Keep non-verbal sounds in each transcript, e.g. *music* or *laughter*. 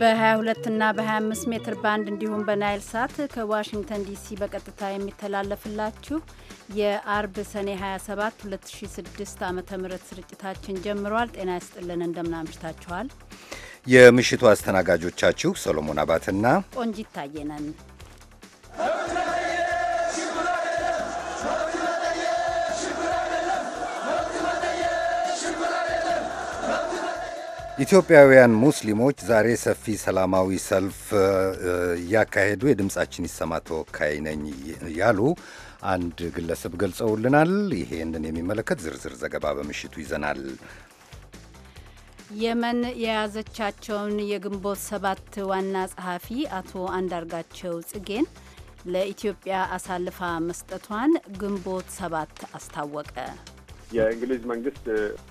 በ22 እና በ25 ሜትር ባንድ እንዲሁም በናይል ሳት ከዋሽንግተን ዲሲ በቀጥታ የሚተላለፍላችሁ የአርብ ሰኔ 27 2006 ዓ ም ስርጭታችን ጀምሯል። ጤና ይስጥልን፣ እንደምናምሽታችኋል። የምሽቱ አስተናጋጆቻችሁ ሰሎሞን አባትና ቆንጂት ታየነን። ኢትዮጵያውያን ሙስሊሞች ዛሬ ሰፊ ሰላማዊ ሰልፍ እያካሄዱ የድምፃችን ይሰማ ተወካይ ነኝ ያሉ አንድ ግለሰብ ገልጸውልናል። ይሄንን የሚመለከት ዝርዝር ዘገባ በምሽቱ ይዘናል። የመን የያዘቻቸውን የግንቦት ሰባት ዋና ጸሐፊ አቶ አንዳርጋቸው ጽጌን ለኢትዮጵያ አሳልፋ መስጠቷን ግንቦት ሰባት አስታወቀ። የእንግሊዝ መንግስት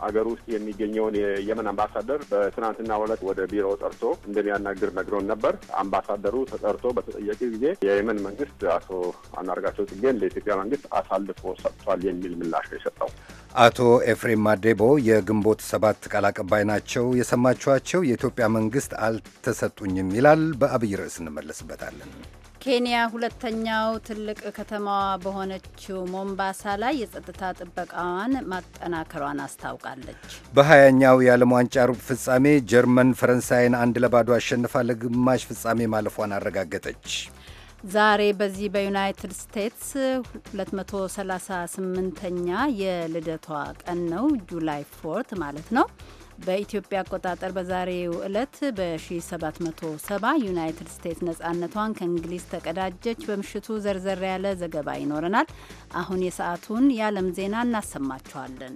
አገር ውስጥ የሚገኘውን የየመን አምባሳደር በትናንትና ዕለት ወደ ቢሮ ጠርቶ እንደሚያናግር ነግሮን ነበር። አምባሳደሩ ተጠርቶ በተጠየቀ ጊዜ የየመን መንግስት አቶ አንዳርጋቸው ጽጌን ለኢትዮጵያ መንግስት አሳልፎ ሰጥቷል የሚል ምላሽ ነው የሰጠው። አቶ ኤፍሬም ማዴቦ የግንቦት ሰባት ቃል አቀባይ ናቸው። የሰማችኋቸው የኢትዮጵያ መንግስት አልተሰጡኝም ይላል። በአብይ ርዕስ እንመለስበታለን። ኬንያ ሁለተኛው ትልቅ ከተማዋ በሆነችው ሞምባሳ ላይ የጸጥታ ጥበቃዋን ማጠናከሯን አስታውቃለች። በሀያኛው የዓለም ዋንጫ ሩብ ፍጻሜ ጀርመን ፈረንሳይን አንድ ለባዶ አሸንፋ ለግማሽ ፍጻሜ ማለፏን አረጋገጠች። ዛሬ በዚህ በዩናይትድ ስቴትስ 238ኛ የልደቷ ቀን ነው፣ ጁላይ ፎርት ማለት ነው። በኢትዮጵያ አቆጣጠር በዛሬው ዕለት በ1770 ዩናይትድ ስቴትስ ነጻነቷን ከእንግሊዝ ተቀዳጀች። በምሽቱ ዘርዘር ያለ ዘገባ ይኖረናል። አሁን የሰዓቱን የዓለም ዜና እናሰማችኋለን።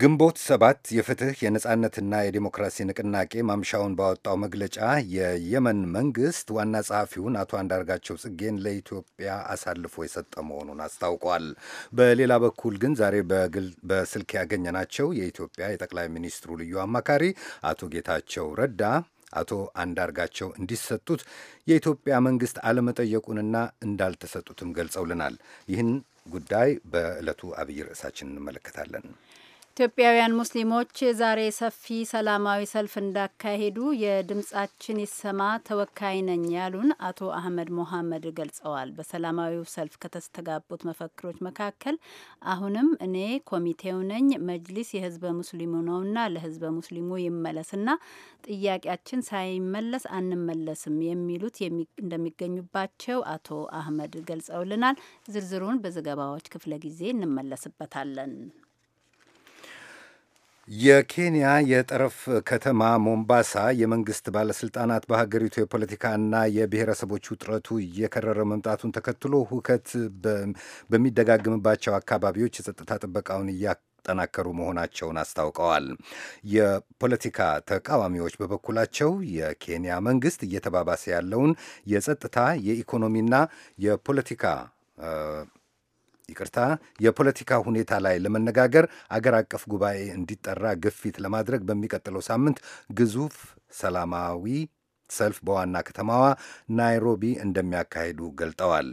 ግንቦት ሰባት የፍትህ የነጻነትና የዲሞክራሲ ንቅናቄ ማምሻውን ባወጣው መግለጫ የየመን መንግስት ዋና ጸሐፊውን አቶ አንዳርጋቸው ጽጌን ለኢትዮጵያ አሳልፎ የሰጠ መሆኑን አስታውቋል። በሌላ በኩል ግን ዛሬ በስልክ ያገኘናቸው የኢትዮጵያ የጠቅላይ ሚኒስትሩ ልዩ አማካሪ አቶ ጌታቸው ረዳ አቶ አንዳርጋቸው እንዲሰጡት የኢትዮጵያ መንግስት አለመጠየቁንና እንዳልተሰጡትም ገልጸውልናል። ይህን ጉዳይ በዕለቱ አብይ ርዕሳችን እንመለከታለን። ኢትዮጵያውያን ሙስሊሞች ዛሬ ሰፊ ሰላማዊ ሰልፍ እንዳካሄዱ የድምጻችን ይሰማ ተወካይ ነኝ ያሉን አቶ አህመድ ሞሐመድ ገልጸዋል። በሰላማዊው ሰልፍ ከተስተጋቡት መፈክሮች መካከል አሁንም እኔ ኮሚቴው ነኝ፣ መጅሊስ የህዝበ ሙስሊሙ ነውና ለህዝበ ሙስሊሙ ይመለስና ጥያቄያችን ሳይመለስ አንመለስም የሚሉት እንደሚገኙባቸው አቶ አህመድ ገልጸውልናል። ዝርዝሩን በዘገባዎች ክፍለ ጊዜ እንመለስበታለን። የኬንያ የጠረፍ ከተማ ሞምባሳ የመንግስት ባለስልጣናት በሀገሪቱ የፖለቲካና የብሔረሰቦች ውጥረቱ እየከረረ መምጣቱን ተከትሎ ሁከት በሚደጋግምባቸው አካባቢዎች የጸጥታ ጥበቃውን እያ ጠናከሩ መሆናቸውን አስታውቀዋል። የፖለቲካ ተቃዋሚዎች በበኩላቸው የኬንያ መንግስት እየተባባሰ ያለውን የጸጥታ የኢኮኖሚና የፖለቲካ ይቅርታ የፖለቲካ ሁኔታ ላይ ለመነጋገር አገር አቀፍ ጉባኤ እንዲጠራ ግፊት ለማድረግ በሚቀጥለው ሳምንት ግዙፍ ሰላማዊ ሰልፍ በዋና ከተማዋ ናይሮቢ እንደሚያካሂዱ ገልጠዋል።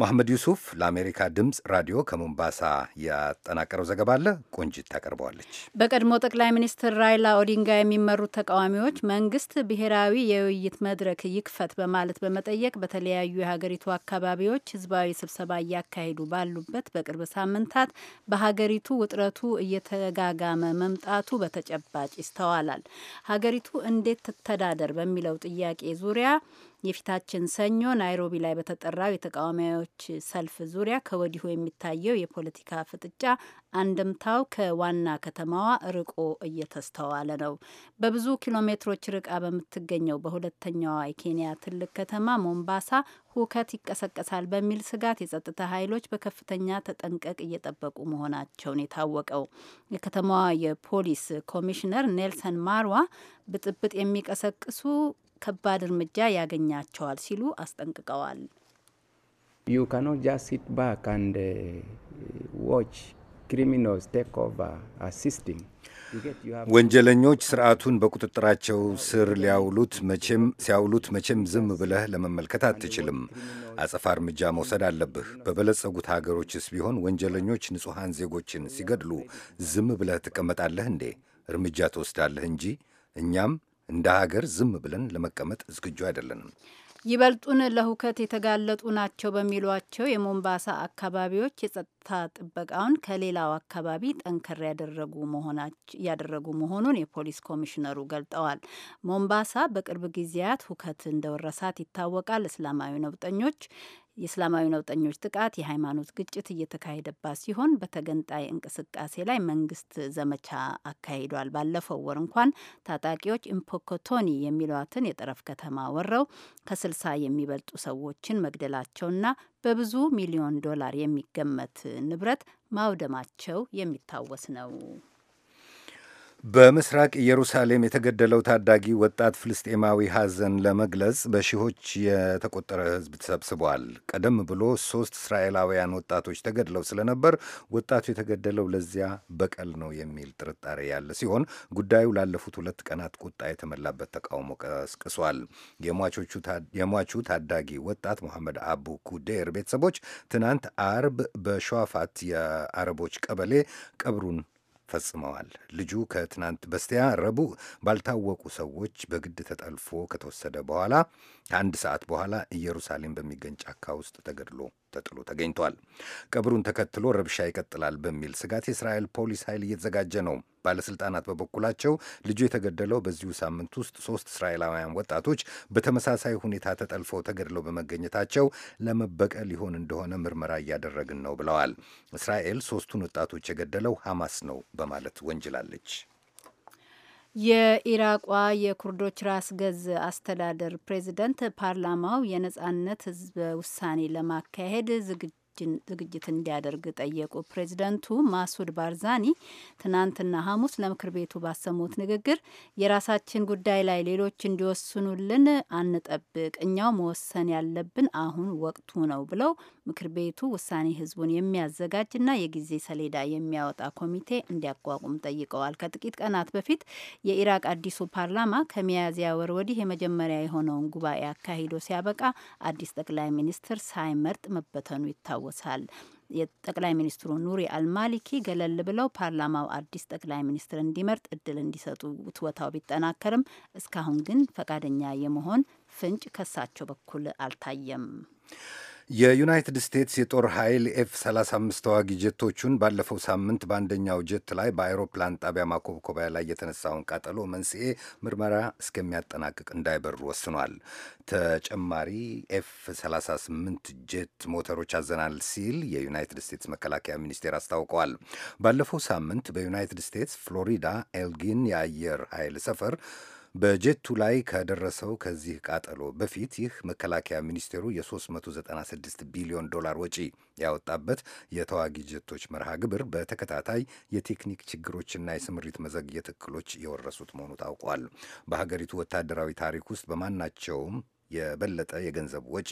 መሐመድ ዩሱፍ ለአሜሪካ ድምፅ ራዲዮ ከሞምባሳ ያጠናቀረው ዘገባ አለ። ቆንጅት ታቀርበዋለች። በቀድሞ ጠቅላይ ሚኒስትር ራይላ ኦዲንጋ የሚመሩት ተቃዋሚዎች መንግስት ብሔራዊ የውይይት መድረክ ይክፈት በማለት በመጠየቅ በተለያዩ የሀገሪቱ አካባቢዎች ህዝባዊ ስብሰባ እያካሄዱ ባሉበት በቅርብ ሳምንታት በሀገሪቱ ውጥረቱ እየተጋጋመ መምጣቱ በተጨባጭ ይስተዋላል። ሀገሪቱ እንዴት ትተዳደር በሚለው ጥያቄ ዙሪያ የፊታችን ሰኞ ናይሮቢ ላይ በተጠራው የተቃዋሚዎች ሰልፍ ዙሪያ ከወዲሁ የሚታየው የፖለቲካ ፍጥጫ አንድምታው ከዋና ከተማዋ ርቆ እየተስተዋለ ነው። በብዙ ኪሎ ሜትሮች ርቃ በምትገኘው በሁለተኛዋ የኬንያ ትልቅ ከተማ ሞምባሳ ሁከት ይቀሰቀሳል በሚል ስጋት የጸጥታ ኃይሎች በከፍተኛ ተጠንቀቅ እየጠበቁ መሆናቸውን የታወቀው የከተማዋ የፖሊስ ኮሚሽነር ኔልሰን ማርዋ ብጥብጥ የሚቀሰቅሱ ከባድ እርምጃ ያገኛቸዋል ሲሉ አስጠንቅቀዋል። ዩ ካኖት ጃስት ሲት ባክ አንድ ክሪሚናልስ ቴክ ኦቨር አሲስቲንግ ወንጀለኞች ስርዓቱን በቁጥጥራቸው ስር ሊያውሉት መቼም ሲያውሉት መቼም ዝም ብለህ ለመመልከት አትችልም። አጸፋ እርምጃ መውሰድ አለብህ። በበለጸጉት ሀገሮችስ ቢሆን ወንጀለኞች ንጹሐን ዜጎችን ሲገድሉ ዝም ብለህ ትቀመጣለህ እንዴ? እርምጃ ትወስዳለህ እንጂ እኛም እንደ ሀገር ዝም ብለን ለመቀመጥ ዝግጁ አይደለንም። ይበልጡን ለሁከት የተጋለጡ ናቸው በሚሏቸው የሞምባሳ አካባቢዎች የጸጥታ ጥበቃውን ከሌላው አካባቢ ጠንከር ያደረጉ መሆኑን የፖሊስ ኮሚሽነሩ ገልጠዋል። ሞምባሳ በቅርብ ጊዜያት ሁከት እንደወረሳት ይታወቃል። እስላማዊ ነውጠኞች የእስላማዊ ነውጠኞች ጥቃት፣ የሃይማኖት ግጭት እየተካሄደባት ሲሆን በተገንጣይ እንቅስቃሴ ላይ መንግስት ዘመቻ አካሂዷል። ባለፈው ወር እንኳን ታጣቂዎች ኢምፖኮቶኒ የሚሏትን የጠረፍ ከተማ ወረው ከስልሳ የሚበልጡ ሰዎችን መግደላቸውና በብዙ ሚሊዮን ዶላር የሚገመት ንብረት ማውደማቸው የሚታወስ ነው። በምስራቅ ኢየሩሳሌም የተገደለው ታዳጊ ወጣት ፍልስጤማዊ ሐዘን ለመግለጽ በሺዎች የተቆጠረ ሕዝብ ተሰብስቧል። ቀደም ብሎ ሦስት እስራኤላውያን ወጣቶች ተገድለው ስለነበር ወጣቱ የተገደለው ለዚያ በቀል ነው የሚል ጥርጣሬ ያለ ሲሆን ጉዳዩ ላለፉት ሁለት ቀናት ቁጣ የተመላበት ተቃውሞ ቀስቅሷል። የሟቹ ታዳጊ ወጣት መሐመድ አቡ ኩዴር ቤተሰቦች ትናንት አርብ በሸዋፋት የአረቦች ቀበሌ ቀብሩን ፈጽመዋል። ልጁ ከትናንት በስቲያ ረቡዕ ባልታወቁ ሰዎች በግድ ተጠልፎ ከተወሰደ በኋላ ከአንድ ሰዓት በኋላ ኢየሩሳሌም በሚገኝ ጫካ ውስጥ ተገድሎ ተጥሎ ተገኝቷል። ቀብሩን ተከትሎ ረብሻ ይቀጥላል በሚል ስጋት የእስራኤል ፖሊስ ኃይል እየተዘጋጀ ነው። ባለሥልጣናት በበኩላቸው ልጁ የተገደለው በዚሁ ሳምንት ውስጥ ሦስት እስራኤላውያን ወጣቶች በተመሳሳይ ሁኔታ ተጠልፈው ተገድለው በመገኘታቸው ለመበቀል ሊሆን እንደሆነ ምርመራ እያደረግን ነው ብለዋል። እስራኤል ሦስቱን ወጣቶች የገደለው ሐማስ ነው በማለት ወንጅላለች። የኢራቋ የኩርዶች ራስ ገዝ አስተዳደር ፕሬዚደንት ፓርላማው የነጻነት ህዝበ ውሳኔ ለማካሄድ ዝግጅ ዝግጅት እንዲያደርግ ጠየቁ። ፕሬዚደንቱ ማሱድ ባርዛኒ ትናንትና ሐሙስ ለምክር ቤቱ ባሰሙት ንግግር የራሳችን ጉዳይ ላይ ሌሎች እንዲወስኑልን አንጠብቅ፣ እኛው መወሰን ያለብን አሁን ወቅቱ ነው ብለው ምክር ቤቱ ውሳኔ ህዝቡን የሚያዘጋጅና የጊዜ ሰሌዳ የሚያወጣ ኮሚቴ እንዲያቋቁም ጠይቀዋል። ከጥቂት ቀናት በፊት የኢራቅ አዲሱ ፓርላማ ከሚያዝያ ወር ወዲህ የመጀመሪያ የሆነውን ጉባኤ አካሂዶ ሲያበቃ አዲስ ጠቅላይ ሚኒስትር ሳይመርጥ መበተኑ ይታወቃል። ይታወሳል። የጠቅላይ ሚኒስትሩ ኑሪ አልማሊኪ ገለል ብለው ፓርላማው አዲስ ጠቅላይ ሚኒስትር እንዲመርጥ እድል እንዲሰጡ ውትወታው ቢጠናከርም እስካሁን ግን ፈቃደኛ የመሆን ፍንጭ ከሳቸው በኩል አልታየም። የዩናይትድ ስቴትስ የጦር ኃይል ኤፍ 35 ተዋጊ ጀቶቹን ባለፈው ሳምንት በአንደኛው ጀት ላይ በአይሮፕላን ጣቢያ ማኮብኮቢያ ላይ የተነሳውን ቃጠሎ መንስኤ ምርመራ እስከሚያጠናቅቅ እንዳይበሩ ወስኗል። ተጨማሪ ኤፍ 38 ጀት ሞተሮች አዘናል ሲል የዩናይትድ ስቴትስ መከላከያ ሚኒስቴር አስታውቀዋል። ባለፈው ሳምንት በዩናይትድ ስቴትስ ፍሎሪዳ ኤልጊን የአየር ኃይል ሰፈር በጀቱ ላይ ከደረሰው ከዚህ ቃጠሎ በፊት ይህ መከላከያ ሚኒስቴሩ የ396 ቢሊዮን ዶላር ወጪ ያወጣበት የተዋጊ ጀቶች መርሃ ግብር በተከታታይ የቴክኒክ ችግሮችና የስምሪት መዘግየት እክሎች የወረሱት መሆኑ ታውቋል። በሀገሪቱ ወታደራዊ ታሪክ ውስጥ በማናቸውም የበለጠ የገንዘብ ወጪ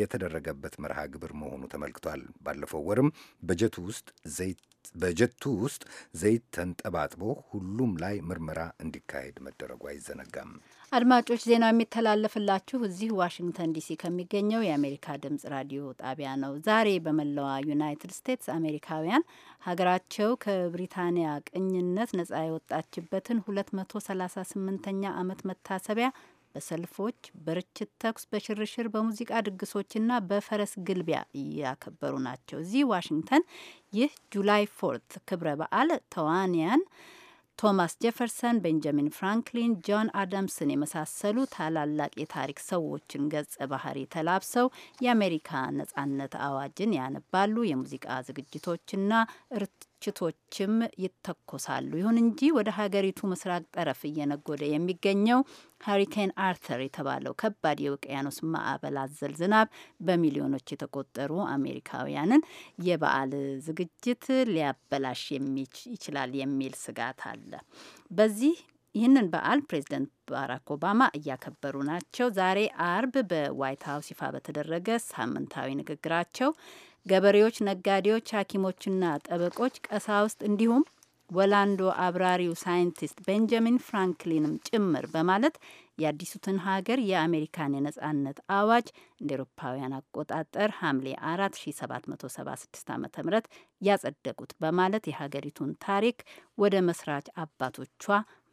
የተደረገበት መርሃ ግብር መሆኑ ተመልክቷል። ባለፈው ወርም በጀቱ ውስጥ ዘይት በጀቱ ውስጥ ዘይት ተንጠባጥቦ ሁሉም ላይ ምርመራ እንዲካሄድ መደረጉ አይዘነጋም። አድማጮች ዜናው የሚተላለፍላችሁ እዚህ ዋሽንግተን ዲሲ ከሚገኘው የአሜሪካ ድምጽ ራዲዮ ጣቢያ ነው። ዛሬ በመላዋ ዩናይትድ ስቴትስ አሜሪካውያን ሀገራቸው ከብሪታንያ ቅኝነት ነጻ የወጣችበትን 238ኛ ዓመት መታሰቢያ በሰልፎች፣ በርችት ተኩስ፣ በሽርሽር፣ በሙዚቃ ድግሶችና በፈረስ ግልቢያ እያከበሩ ናቸው። እዚህ ዋሽንግተን ይህ ጁላይ ፎርት ክብረ በዓል ተዋንያን ቶማስ ጄፈርሰን፣ ቤንጃሚን ፍራንክሊን፣ ጆን አዳምስን የመሳሰሉ ታላላቅ የታሪክ ሰዎችን ገጸ ባህሪ ተላብሰው የአሜሪካ ነጻነት አዋጅን ያነባሉ። የሙዚቃ ዝግጅቶችና ርችቶችም ይተኮሳሉ። ይሁን እንጂ ወደ ሀገሪቱ ምስራቅ ጠረፍ እየነጎደ የሚገኘው ሀሪኬን አርተር የተባለው ከባድ የውቅያኖስ ማዕበል አዘል ዝናብ በሚሊዮኖች የተቆጠሩ አሜሪካውያንን የበዓል ዝግጅት ሊያበላሽ ይችላል የሚል ስጋት አለ። በዚህ ይህንን በዓል ፕሬዚደንት ባራክ ኦባማ እያከበሩ ናቸው። ዛሬ አርብ በዋይት ሀውስ ይፋ በተደረገ ሳምንታዊ ንግግራቸው ገበሬዎች፣ ነጋዴዎች፣ ሐኪሞችና ጠበቆች፣ ቀሳውስት እንዲሁም ወላንዶ አብራሪው ሳይንቲስት ቤንጃሚን ፍራንክሊንም ጭምር በማለት የአዲሱትን ሀገር የአሜሪካን የነጻነት አዋጅ እንደ ኤሮፓውያን አቆጣጠር ሐምሌ 4776 ዓ ም ያጸደቁት በማለት የሀገሪቱን ታሪክ ወደ መስራች አባቶቿ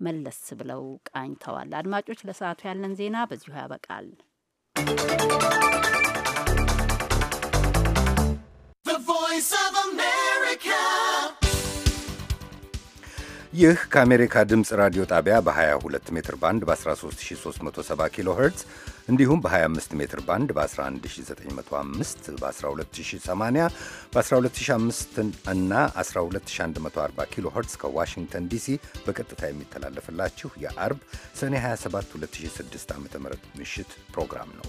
መለስ ብለው ቃኝተዋል። አድማጮች፣ ለሰዓቱ ያለን ዜና በዚሁ ያበቃል። Voice ይህ ከአሜሪካ ድምፅ ራዲዮ ጣቢያ በ22 ሜትር ባንድ በ13370 ኪሎ ኸርትዝ እንዲሁም በ25 ሜትር ባንድ በ11905 በ12080 በ12005 እና 12140 ኪሎ ኸርትዝ ከዋሽንግተን ዲሲ በቀጥታ የሚተላለፍላችሁ የአርብ ሰኔ 27 2006 ዓ.ም ምሽት ፕሮግራም ነው።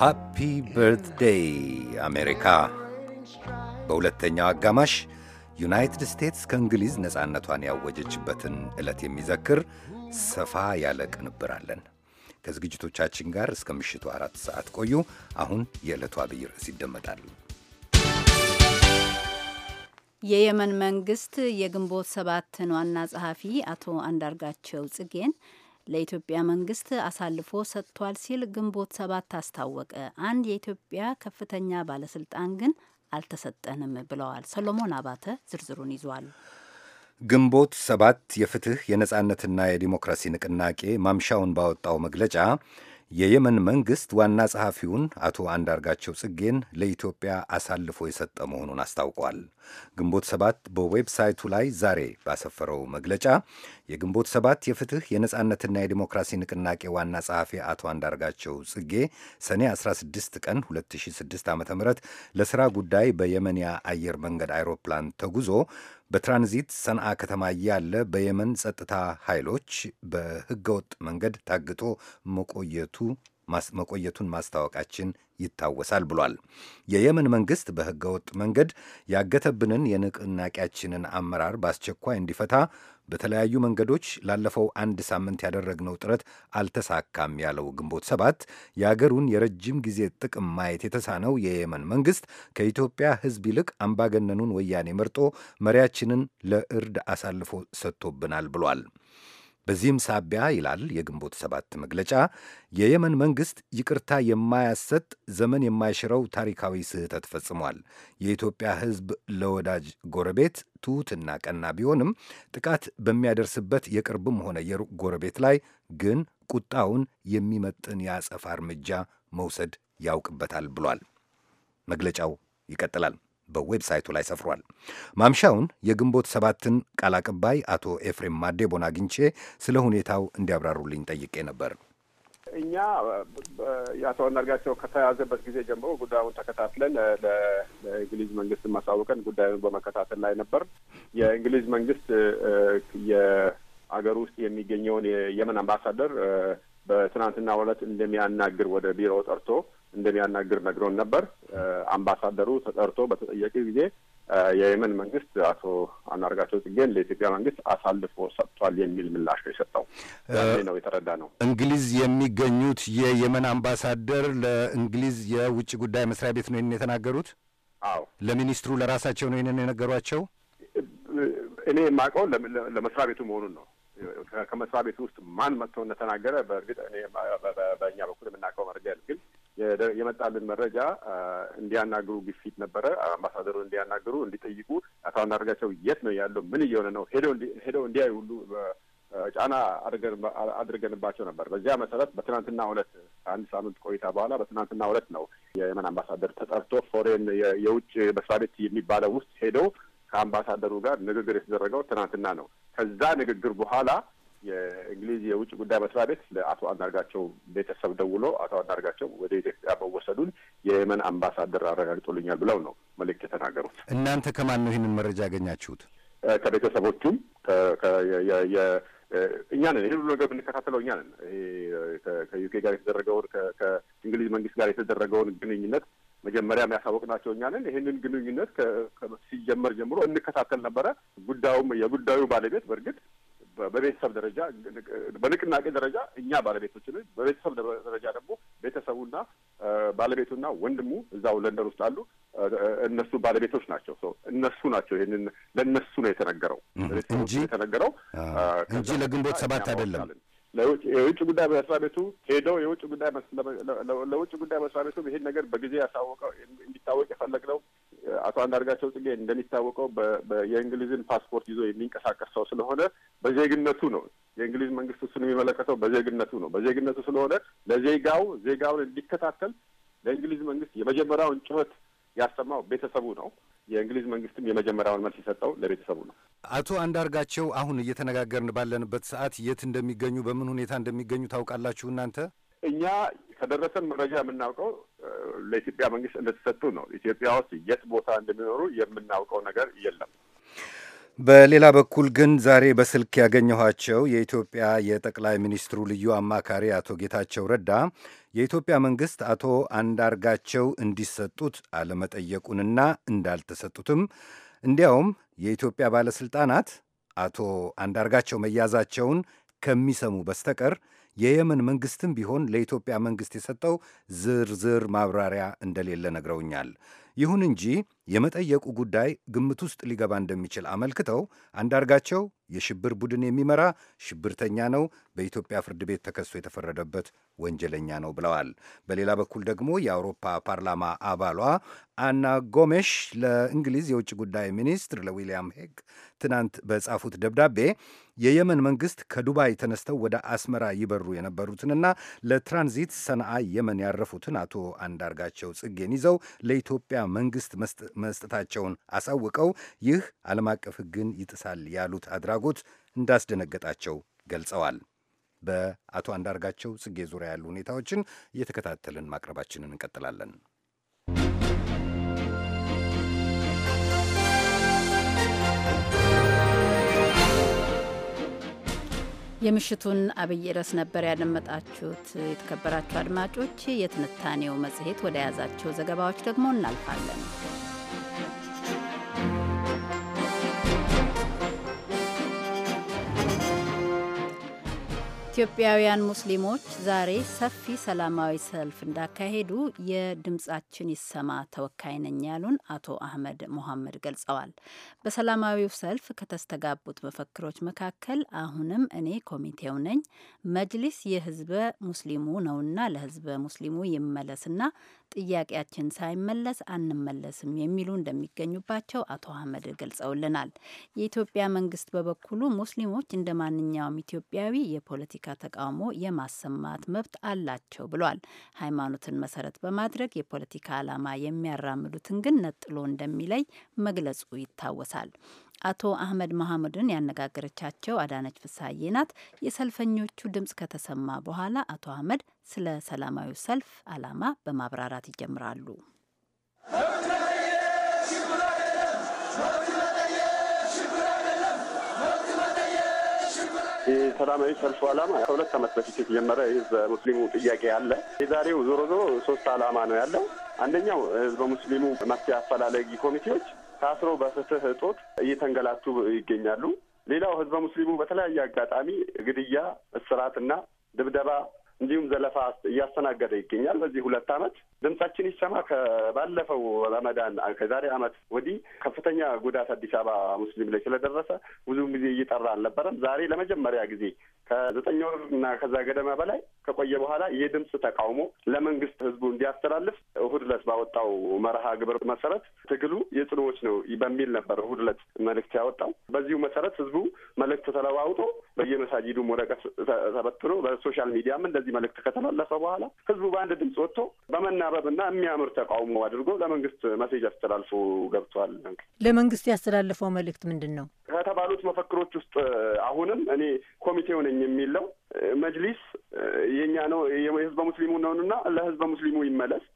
ሃፒ በርትደይ አሜሪካ። በሁለተኛው አጋማሽ ዩናይትድ ስቴትስ ከእንግሊዝ ነፃነቷን ያወጀችበትን ዕለት የሚዘክር ሰፋ ያለ ቅንብር አለን። ከዝግጅቶቻችን ጋር እስከ ምሽቱ አራት ሰዓት ቆዩ። አሁን የዕለቱ አብይ ርዕስ ይደመጣል። የየመን መንግስት የግንቦት ሰባትን ዋና ጸሐፊ አቶ አንዳርጋቸው ጽጌን ለኢትዮጵያ መንግስት አሳልፎ ሰጥቷል ሲል ግንቦት ሰባት አስታወቀ። አንድ የኢትዮጵያ ከፍተኛ ባለስልጣን ግን አልተሰጠንም ብለዋል። ሰሎሞን አባተ ዝርዝሩን ይዟል። ግንቦት ሰባት የፍትህ የነጻነትና የዲሞክራሲ ንቅናቄ ማምሻውን ባወጣው መግለጫ የየመን መንግሥት ዋና ጸሐፊውን አቶ አንዳርጋቸው ጽጌን ለኢትዮጵያ አሳልፎ የሰጠ መሆኑን አስታውቋል። ግንቦት ሰባት በዌብሳይቱ ላይ ዛሬ ባሰፈረው መግለጫ የግንቦት ሰባት የፍትህ የነጻነትና የዲሞክራሲ ንቅናቄ ዋና ጸሐፊ አቶ አንዳርጋቸው ጽጌ ሰኔ 16 ቀን 2006 ዓ ም ለሥራ ጉዳይ በየመንያ አየር መንገድ አይሮፕላን ተጉዞ በትራንዚት ሰንዓ ከተማ እያለ በየመን ጸጥታ ኃይሎች በህገወጥ መንገድ ታግጦ መቆየቱ መቆየቱን ማስታወቃችን ይታወሳል ብሏል። የየመን መንግስት በህገወጥ መንገድ ያገተብንን የንቅናቄያችንን አመራር በአስቸኳይ እንዲፈታ በተለያዩ መንገዶች ላለፈው አንድ ሳምንት ያደረግነው ጥረት አልተሳካም ያለው ግንቦት ሰባት የአገሩን የረጅም ጊዜ ጥቅም ማየት የተሳነው የየመን መንግስት ከኢትዮጵያ ሕዝብ ይልቅ አምባገነኑን ወያኔ መርጦ መሪያችንን ለእርድ አሳልፎ ሰጥቶብናል ብሏል። በዚህም ሳቢያ ይላል የግንቦት ሰባት መግለጫ የየመን መንግስት ይቅርታ የማያሰጥ ዘመን የማይሽረው ታሪካዊ ስህተት ፈጽሟል። የኢትዮጵያ ሕዝብ ለወዳጅ ጎረቤት ትሑትና ቀና ቢሆንም ጥቃት በሚያደርስበት የቅርብም ሆነ የሩቅ ጎረቤት ላይ ግን ቁጣውን የሚመጥን የአጸፋ እርምጃ መውሰድ ያውቅበታል ብሏል። መግለጫው ይቀጥላል። በዌብሳይቱ ላይ ሰፍሯል። ማምሻውን የግንቦት ሰባትን ቃል አቀባይ አቶ ኤፍሬም ማዴቦን አግኝቼ ስለ ሁኔታው እንዲያብራሩልኝ ጠይቄ ነበር። እኛ የአቶ አንዳርጋቸው ከተያዘበት ጊዜ ጀምሮ ጉዳዩን ተከታትለን ለእንግሊዝ መንግስት ማሳወቀን ጉዳዩን በመከታተል ላይ ነበር። የእንግሊዝ መንግስት የአገር ውስጥ የሚገኘውን የየመን አምባሳደር በትናንትና ዕለት እንደሚያናግር ወደ ቢሮ ጠርቶ እንደሚያናግር ነግሮን ነበር። አምባሳደሩ ተጠርቶ በተጠየቀ ጊዜ የየመን መንግስት አቶ አንዳርጋቸው ጽጌን ለኢትዮጵያ መንግስት አሳልፎ ሰጥቷል የሚል ምላሽ ነው የሰጠው። ነው የተረዳ ነው። እንግሊዝ የሚገኙት የየመን አምባሳደር ለእንግሊዝ የውጭ ጉዳይ መስሪያ ቤት ነው ይህን የተናገሩት? አዎ። ለሚኒስትሩ ለራሳቸው ነው ይህንን የነገሯቸው? እኔ የማውቀው ለመስሪያ ቤቱ መሆኑን ነው። ከመስሪያ ቤቱ ውስጥ ማን መጥቶ እንደተናገረ በእርግጥ እኔ በእኛ በኩል የምናውቀው መረጃ ግን የመጣልን መረጃ እንዲያናግሩ ግፊት ነበረ። አምባሳደሩን እንዲያናግሩ፣ እንዲጠይቁ አቶ አንዳርጋቸው የት ነው ያለው? ምን እየሆነ ነው? ሄደው ሄደው እንዲያዩ ሁሉ ጫና አድርገንባቸው ነበር። በዚያ መሰረት በትናንትና ሁለት ከአንድ ሳምንት ቆይታ በኋላ በትናንትና ሁለት ነው የየመን አምባሳደር ተጠርቶ ፎሬን የውጭ መስሪያ ቤት የሚባለው ውስጥ ሄደው ከአምባሳደሩ ጋር ንግግር የተደረገው ትናንትና ነው። ከዛ ንግግር በኋላ የእንግሊዝ የውጭ ጉዳይ መስሪያ ቤት ለአቶ አንዳርጋቸው ቤተሰብ ደውሎ አቶ አንዳርጋቸው ወደ ኢትዮጵያ መወሰዱን የየመን አምባሳደር አረጋግጦልኛል ብለው ነው መልእክት የተናገሩት። እናንተ ከማን ነው ይህንን መረጃ ያገኛችሁት? ከቤተሰቦቹም እኛ ነን። ይህ ሁሉ ነገር የምንከታተለው እኛ ነን። ከዩኬ ጋር የተደረገውን ከእንግሊዝ መንግስት ጋር የተደረገውን ግንኙነት መጀመሪያም ያሳወቅናቸው እኛ ነን። ይህንን ግንኙነት ሲጀመር ጀምሮ እንከታተል ነበረ። ጉዳዩም የጉዳዩ ባለቤት በእርግጥ በቤተሰብ ደረጃ በንቅናቄ ደረጃ እኛ ባለቤቶች ነን። በቤተሰብ ደረጃ ደግሞ ቤተሰቡና ባለቤቱና ወንድሙ እዛው ለንደን ውስጥ አሉ። እነሱ ባለቤቶች ናቸው። እነሱ ናቸው ይህንን ለእነሱ ነው የተነገረው እንጂ የተነገረው እንጂ ለግንቦት ሰባት አይደለም። የውጭ ጉዳይ መስሪያ ቤቱ ሄደው የውጭ ጉዳይ ለውጭ ጉዳይ መስሪያ ቤቱ ይሄን ነገር በጊዜ ያሳወቀው እንዲታወቅ የፈለግነው አቶ አንዳርጋቸው ጽጌ እንደሚታወቀው የእንግሊዝን ፓስፖርት ይዞ የሚንቀሳቀስ ሰው ስለሆነ በዜግነቱ ነው። የእንግሊዝ መንግስት እሱን የሚመለከተው በዜግነቱ ነው። በዜግነቱ ስለሆነ ለዜጋው ዜጋውን እንዲከታተል ለእንግሊዝ መንግስት የመጀመሪያውን ጩኸት ያሰማው ቤተሰቡ ነው። የእንግሊዝ መንግስትም የመጀመሪያውን መልስ የሰጠው ለቤተሰቡ ነው። አቶ አንዳርጋቸው አሁን እየተነጋገርን ባለንበት ሰዓት የት እንደሚገኙ በምን ሁኔታ እንደሚገኙ ታውቃላችሁ እናንተ? እኛ ከደረሰን መረጃ የምናውቀው ለኢትዮጵያ መንግስት እንደተሰጡ ነው። ኢትዮጵያ ውስጥ የት ቦታ እንደሚኖሩ የምናውቀው ነገር የለም። በሌላ በኩል ግን ዛሬ በስልክ ያገኘኋቸው የኢትዮጵያ የጠቅላይ ሚኒስትሩ ልዩ አማካሪ አቶ ጌታቸው ረዳ የኢትዮጵያ መንግሥት አቶ አንዳርጋቸው እንዲሰጡት አለመጠየቁንና እንዳልተሰጡትም እንዲያውም የኢትዮጵያ ባለሥልጣናት አቶ አንዳርጋቸው መያዛቸውን ከሚሰሙ በስተቀር የየመን መንግሥትም ቢሆን ለኢትዮጵያ መንግሥት የሰጠው ዝርዝር ማብራሪያ እንደሌለ ነግረውኛል። ይሁን እንጂ የመጠየቁ ጉዳይ ግምት ውስጥ ሊገባ እንደሚችል አመልክተው አንዳርጋቸው የሽብር ቡድን የሚመራ ሽብርተኛ ነው፣ በኢትዮጵያ ፍርድ ቤት ተከሶ የተፈረደበት ወንጀለኛ ነው ብለዋል። በሌላ በኩል ደግሞ የአውሮፓ ፓርላማ አባሏ አና ጎሜሽ ለእንግሊዝ የውጭ ጉዳይ ሚኒስትር ለዊልያም ሄግ ትናንት በጻፉት ደብዳቤ የየመን መንግስት ከዱባይ ተነስተው ወደ አስመራ ይበሩ የነበሩትንና ለትራንዚት ሰንዓ የመን ያረፉትን አቶ አንዳርጋቸው ጽጌን ይዘው ለኢትዮጵያ መንግስት መስጠታቸውን አሳውቀው ይህ ዓለም አቀፍ ሕግን ይጥሳል ያሉት አድራጎት እንዳስደነገጣቸው ገልጸዋል። በአቶ አንዳርጋቸው ጽጌ ዙሪያ ያሉ ሁኔታዎችን እየተከታተልን ማቅረባችንን እንቀጥላለን። የምሽቱን አብይ ርዕስ ነበር ያደመጣችሁት። የተከበራችሁ አድማጮች፣ የትንታኔው መጽሔት ወደ ያዛቸው ዘገባዎች ደግሞ እናልፋለን። ኢትዮጵያውያን ሙስሊሞች ዛሬ ሰፊ ሰላማዊ ሰልፍ እንዳካሄዱ የድምጻችን ይሰማ ተወካይ ነኝ ያሉን አቶ አህመድ ሞሐመድ ገልጸዋል። በሰላማዊው ሰልፍ ከተስተጋቡት መፈክሮች መካከል አሁንም እኔ ኮሚቴው ነኝ፣ መጅሊስ የህዝበ ሙስሊሙ ነውና ለህዝበ ሙስሊሙ ይመለስና ጥያቄያችን ሳይመለስ አንመለስም የሚሉ እንደሚገኙባቸው አቶ አህመድ ገልጸውልናል። የኢትዮጵያ መንግስት በበኩሉ ሙስሊሞች እንደ ማንኛውም ኢትዮጵያዊ የፖለቲካ ተቃውሞ የማሰማት መብት አላቸው ብሏል። ሃይማኖትን መሰረት በማድረግ የፖለቲካ ዓላማ የሚያራምዱትን ግን ነጥሎ እንደሚለይ መግለጹ ይታወሳል። አቶ አህመድ መሐመድን ያነጋገረቻቸው አዳነች ፍሳዬ ናት። የሰልፈኞቹ ድምፅ ከተሰማ በኋላ አቶ አህመድ ስለ ሰላማዊ ሰልፍ ዓላማ በማብራራት ይጀምራሉ። የሰላማዊ ሰልፉ ዓላማ ከሁለት ዓመት በፊት የተጀመረ ህዝበ ሙስሊሙ ጥያቄ አለ። የዛሬው ዞሮ ዞሮ ሶስት ዓላማ ነው ያለው። አንደኛው ህዝበ ሙስሊሙ መፍትሄ አፈላላጊ ኮሚቴዎች ታስሮ በፍትህ እጦት እየተንገላቱ ይገኛሉ። ሌላው ህዝበ ሙስሊሙ በተለያየ አጋጣሚ ግድያ፣ እስራትና ድብደባ እንዲሁም ዘለፋ እያስተናገደ ይገኛል። በዚህ ሁለት አመት ድምጻችን ይሰማ ከባለፈው ረመዳን ከዛሬ አመት ወዲህ ከፍተኛ ጉዳት አዲስ አበባ ሙስሊም ላይ ስለደረሰ ብዙም ጊዜ እየጠራ አልነበረም። ዛሬ ለመጀመሪያ ጊዜ ከዘጠኝ ወር እና ከዛ ገደማ በላይ ከቆየ በኋላ የድምፅ ተቃውሞ ለመንግስት ህዝቡ እንዲያስተላልፍ እሁድ ዕለት ባወጣው መርሃ ግብር መሰረት ትግሉ የጽኑዎች ነው በሚል ነበር እሁድ ዕለት መልእክት ያወጣው። በዚሁ መሰረት ህዝቡ መልእክት ተለዋውጦ በየመሳጅዱ ወረቀት ተበትኖ በሶሻል ሚዲያም እንደዚህ መልእክት ከተላለፈ በኋላ ህዝቡ በአንድ ድምፅ ወጥቶ በመናበብና የሚያምር ተቃውሞ አድርጎ ለመንግስት መሴጅ አስተላልፎ ገብቷል። ለመንግስት ያስተላልፈው መልእክት ምንድን ነው? ከተባሉት መፈክሮች ውስጥ አሁንም እኔ ኮሚቴው ነኝ የለኝም የሚለው መጅሊስ የኛ ነው የህዝበ ሙስሊሙ ነውንና ለህዝበ ሙስሊሙ ይመለስ።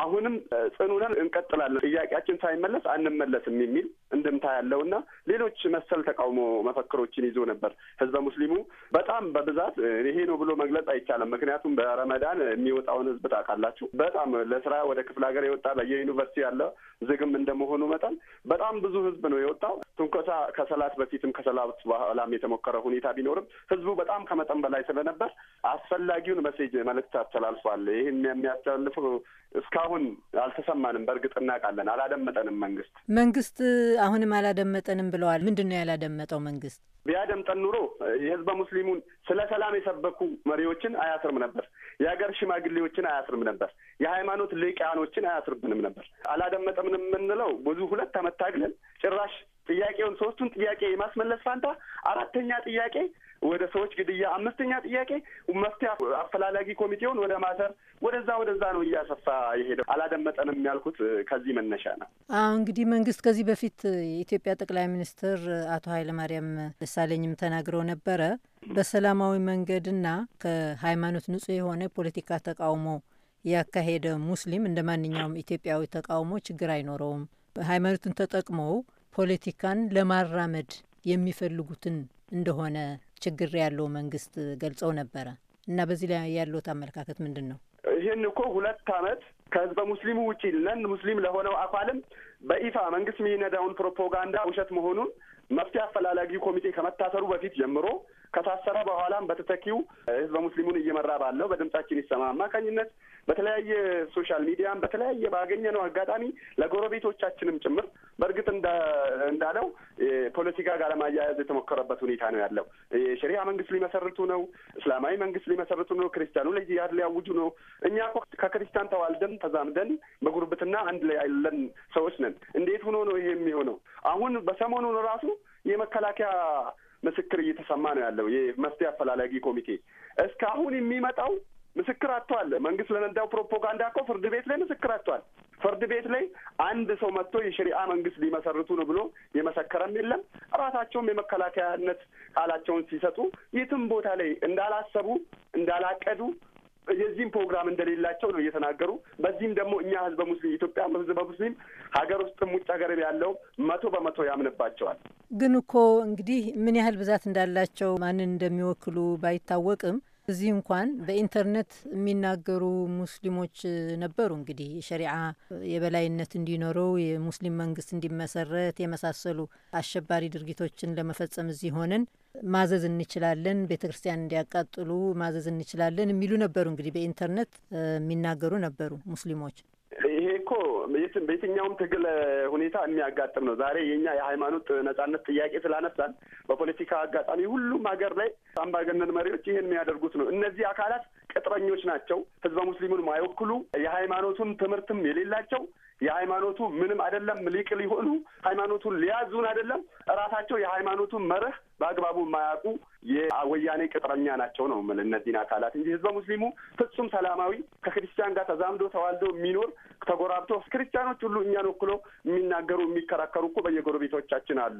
አሁንም ጽኑ ነን እንቀጥላለን፣ ጥያቄያችን ሳይመለስ አንመለስም የሚል እንድምታ ያለው ያለውና ሌሎች መሰል ተቃውሞ መፈክሮችን ይዞ ነበር ህዝበ ሙስሊሙ። በጣም በብዛት ይሄ ነው ብሎ መግለጽ አይቻልም። ምክንያቱም በረመዳን የሚወጣውን ህዝብ ታውቃላችሁ። በጣም ለስራ ወደ ክፍለ ሀገር የወጣ በየዩኒቨርሲቲ ያለ ዝግም እንደመሆኑ መጠን በጣም ብዙ ህዝብ ነው የወጣው። ትንኮሳ ከሰላት በፊትም ከሰላት በኋላም የተሞከረ ሁኔታ ቢኖርም ህዝቡ በጣም ከመጠን በላይ ስለነበር አስፈላጊውን መሴጅ መልእክት አስተላልፏል። ይህን የሚያስተላልፉ እስካሁን አልተሰማንም። በእርግጥ እናውቃለን፣ አላደመጠንም። መንግስት መንግስት አሁንም አላደመጠንም ብለዋል። ምንድን ነው ያላደመጠው መንግስት? ቢያደምጠን ኑሮ የህዝበ ሙስሊሙን ስለ ሰላም የሰበኩ መሪዎችን አያስርም ነበር። የሀገር ሽማግሌዎችን አያስርም ነበር። የሃይማኖት ልሂቃኖችን አያስርብንም ነበር። አላደመጠምን የምንለው ብዙ ሁለት አመት ታግለን ጭራሽ ጥያቄውን ሶስቱን ጥያቄ የማስመለስ ፋንታ አራተኛ ጥያቄ ወደ ሰዎች ግድያ፣ አምስተኛ ጥያቄ መፍትሄ አፈላላጊ ኮሚቴውን ወደ ማሰር ወደዛ ወደዛ ነው እያሰፋ የሄደው። አላደመጠንም ያልኩት ከዚህ መነሻ ነው። አሁ እንግዲህ መንግስት ከዚህ በፊት የኢትዮጵያ ጠቅላይ ሚኒስትር አቶ ኃይለማርያም ደሳለኝም ተናግረው ነበረ በሰላማዊ መንገድና ከሃይማኖት ንጹህ የሆነ ፖለቲካ ተቃውሞ ያካሄደ ሙስሊም እንደ ማንኛውም ኢትዮጵያዊ ተቃውሞ ችግር አይኖረውም ሃይማኖትን ተጠቅመው ፖለቲካን ለማራመድ የሚፈልጉትን እንደሆነ ችግር ያለው መንግስት ገልጸው ነበረ እና በዚህ ላይ ያለት አመለካከት ምንድን ነው? ይህን እኮ ሁለት አመት ከህዝበ ሙስሊሙ ውጪ ነን ሙስሊም ለሆነው አኳልም በይፋ መንግስት የሚነዳውን ፕሮፓጋንዳ ውሸት መሆኑን መፍትሄ አፈላላጊ ኮሚቴ ከመታሰሩ በፊት ጀምሮ ከታሰረ በኋላም በተተኪው ህዝበ ሙስሊሙን እየመራ ባለው በድምጻችን ይሰማ አማካኝነት በተለያየ ሶሻል ሚዲያም በተለያየ ባገኘነው አጋጣሚ ለጎረቤቶቻችንም ጭምር በእርግጥ እንዳለው ፖለቲካ ጋር ለማያያዝ የተሞከረበት ሁኔታ ነው ያለው። የሸሪያ መንግስት ሊመሰርቱ ነው፣ እስላማዊ መንግስት ሊመሰርቱ ነው፣ ክርስቲያኑ ላይ ሊያውጁ ነው። እኛ እኮ ከክርስቲያን ተዋልደን ተዛምደን በጉርብትና አንድ ላይ ያለን ሰዎች ነን። እንዴት ሆኖ ነው ይሄ የሚሆነው? አሁን በሰሞኑን ራሱ የመከላከያ ምስክር እየተሰማ ነው ያለው። የመፍትሄ አፈላላጊ ኮሚቴ እስካሁን የሚመጣው ምስክር አጥቷል። መንግስት ለነዳው ፕሮፓጋንዳ እኮ ፍርድ ቤት ላይ ምስክር አጥቷል። ፍርድ ቤት ላይ አንድ ሰው መጥቶ የሽሪአ መንግስት ሊመሰርቱ ነው ብሎ የመሰከረም የለም። ራሳቸውም የመከላከያነት ቃላቸውን ሲሰጡ የትም ቦታ ላይ እንዳላሰቡ እንዳላቀዱ የዚህም ፕሮግራም እንደሌላቸው ነው እየተናገሩ። በዚህም ደግሞ እኛ ህዝበ ሙስሊም ኢትዮጵያ ህዝበ ሙስሊም ሀገር ውስጥም ውጭ ሀገርም ያለው መቶ በመቶ ያምንባቸዋል። ግን እኮ እንግዲህ ምን ያህል ብዛት እንዳላቸው ማንን እንደሚወክሉ ባይታወቅም እዚህ እንኳን በኢንተርኔት የሚናገሩ ሙስሊሞች ነበሩ። እንግዲህ የሸሪዓ የበላይነት እንዲኖረው የሙስሊም መንግስት እንዲመሰረት የመሳሰሉ አሸባሪ ድርጊቶችን ለመፈጸም እዚህ ሆነን ማዘዝ እንችላለን፣ ቤተ ክርስቲያን እንዲያቃጥሉ ማዘዝ እንችላለን የሚሉ ነበሩ። እንግዲህ በኢንተርኔት የሚናገሩ ነበሩ ሙስሊሞች። ይሄ እኮ በየትኛውም ትግል ሁኔታ የሚያጋጥም ነው። ዛሬ የኛ የሃይማኖት ነጻነት ጥያቄ ስላነሳን በፖለቲካ አጋጣሚ ሁሉም ሀገር ላይ አምባገነን መሪዎች ይህን የሚያደርጉት ነው። እነዚህ አካላት ቅጥረኞች ናቸው። ህዝበ ሙስሊሙን ማይወክሉ የሃይማኖቱን ትምህርትም የሌላቸው የሃይማኖቱ ምንም አይደለም ሊቅ ሊሆኑ ሃይማኖቱን ሊያዙን አይደለም እራሳቸው የሃይማኖቱን መርህ በአግባቡ የማያውቁ የወያኔ ቅጥረኛ ናቸው ነው የምልህ እነዚህን አካላት እንጂ ህዝበ ሙስሊሙ ፍጹም ሰላማዊ ከክርስቲያን ጋር ተዛምዶ ተዋልዶ የሚኖር ተጎራብቶ ክርስቲያኖች ሁሉ እኛን ወክሎ የሚናገሩ የሚከራከሩ እኮ በየጎረቤቶቻችን አሉ።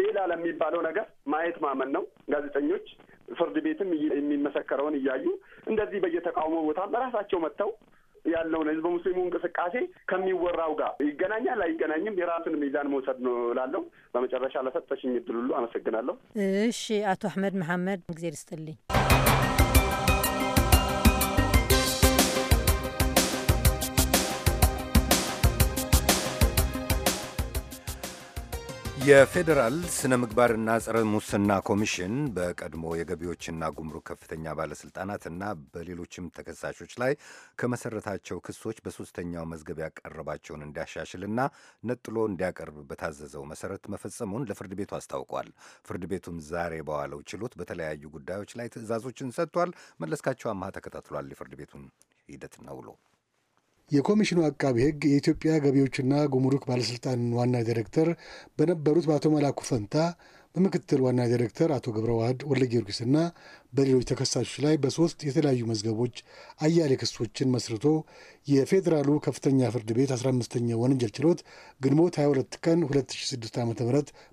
ሌላ ለሚባለው ነገር ማየት ማመን ነው። ጋዜጠኞች ፍርድ ቤትም የሚመሰከረውን እያዩ እንደዚህ በየተቃውሞ ቦታም ራሳቸው መጥተው ያለውን ህዝበ ሙስሊሙ እንቅስቃሴ ከሚወራው ጋር ይገናኛል አይገናኝም፣ የራሱን ሚዛን መውሰድ ነው እላለሁ። በመጨረሻ ለሰጠሽኝ እድል ሁሉ አመሰግናለሁ። እሺ፣ አቶ አህመድ መሐመድ እግዜር ይስጥልኝ። የፌዴራል ስነ ምግባርና ጸረ ሙስና ኮሚሽን በቀድሞ የገቢዎችና ጉምሩክ ከፍተኛ ባለስልጣናትና በሌሎችም ተከሳሾች ላይ ከመሰረታቸው ክሶች በሶስተኛው መዝገብ ያቀረባቸውን እንዲያሻሽልና ነጥሎ እንዲያቀርብ በታዘዘው መሰረት መፈጸሙን ለፍርድ ቤቱ አስታውቋል። ፍርድ ቤቱም ዛሬ በዋለው ችሎት በተለያዩ ጉዳዮች ላይ ትዕዛዞችን ሰጥቷል። መለስካቸው አማሃ ተከታትሏል የፍርድ ቤቱን ሂደትና ውሎ የኮሚሽኑ አቃቢ ሕግ የኢትዮጵያ ገቢዎችና ጉምሩክ ባለስልጣን ዋና ዲሬክተር በነበሩት በአቶ መላኩ ፈንታ በምክትል ዋና ዲሬክተር አቶ ገብረ ዋህድ ወልደ ጊዮርጊስና በሌሎች ተከሳሾች ላይ በሶስት የተለያዩ መዝገቦች አያሌ ክሶችን መስርቶ የፌዴራሉ ከፍተኛ ፍርድ ቤት 15ኛ ወንጀል ችሎት ግንቦት 22 ቀን 2006 ዓ ም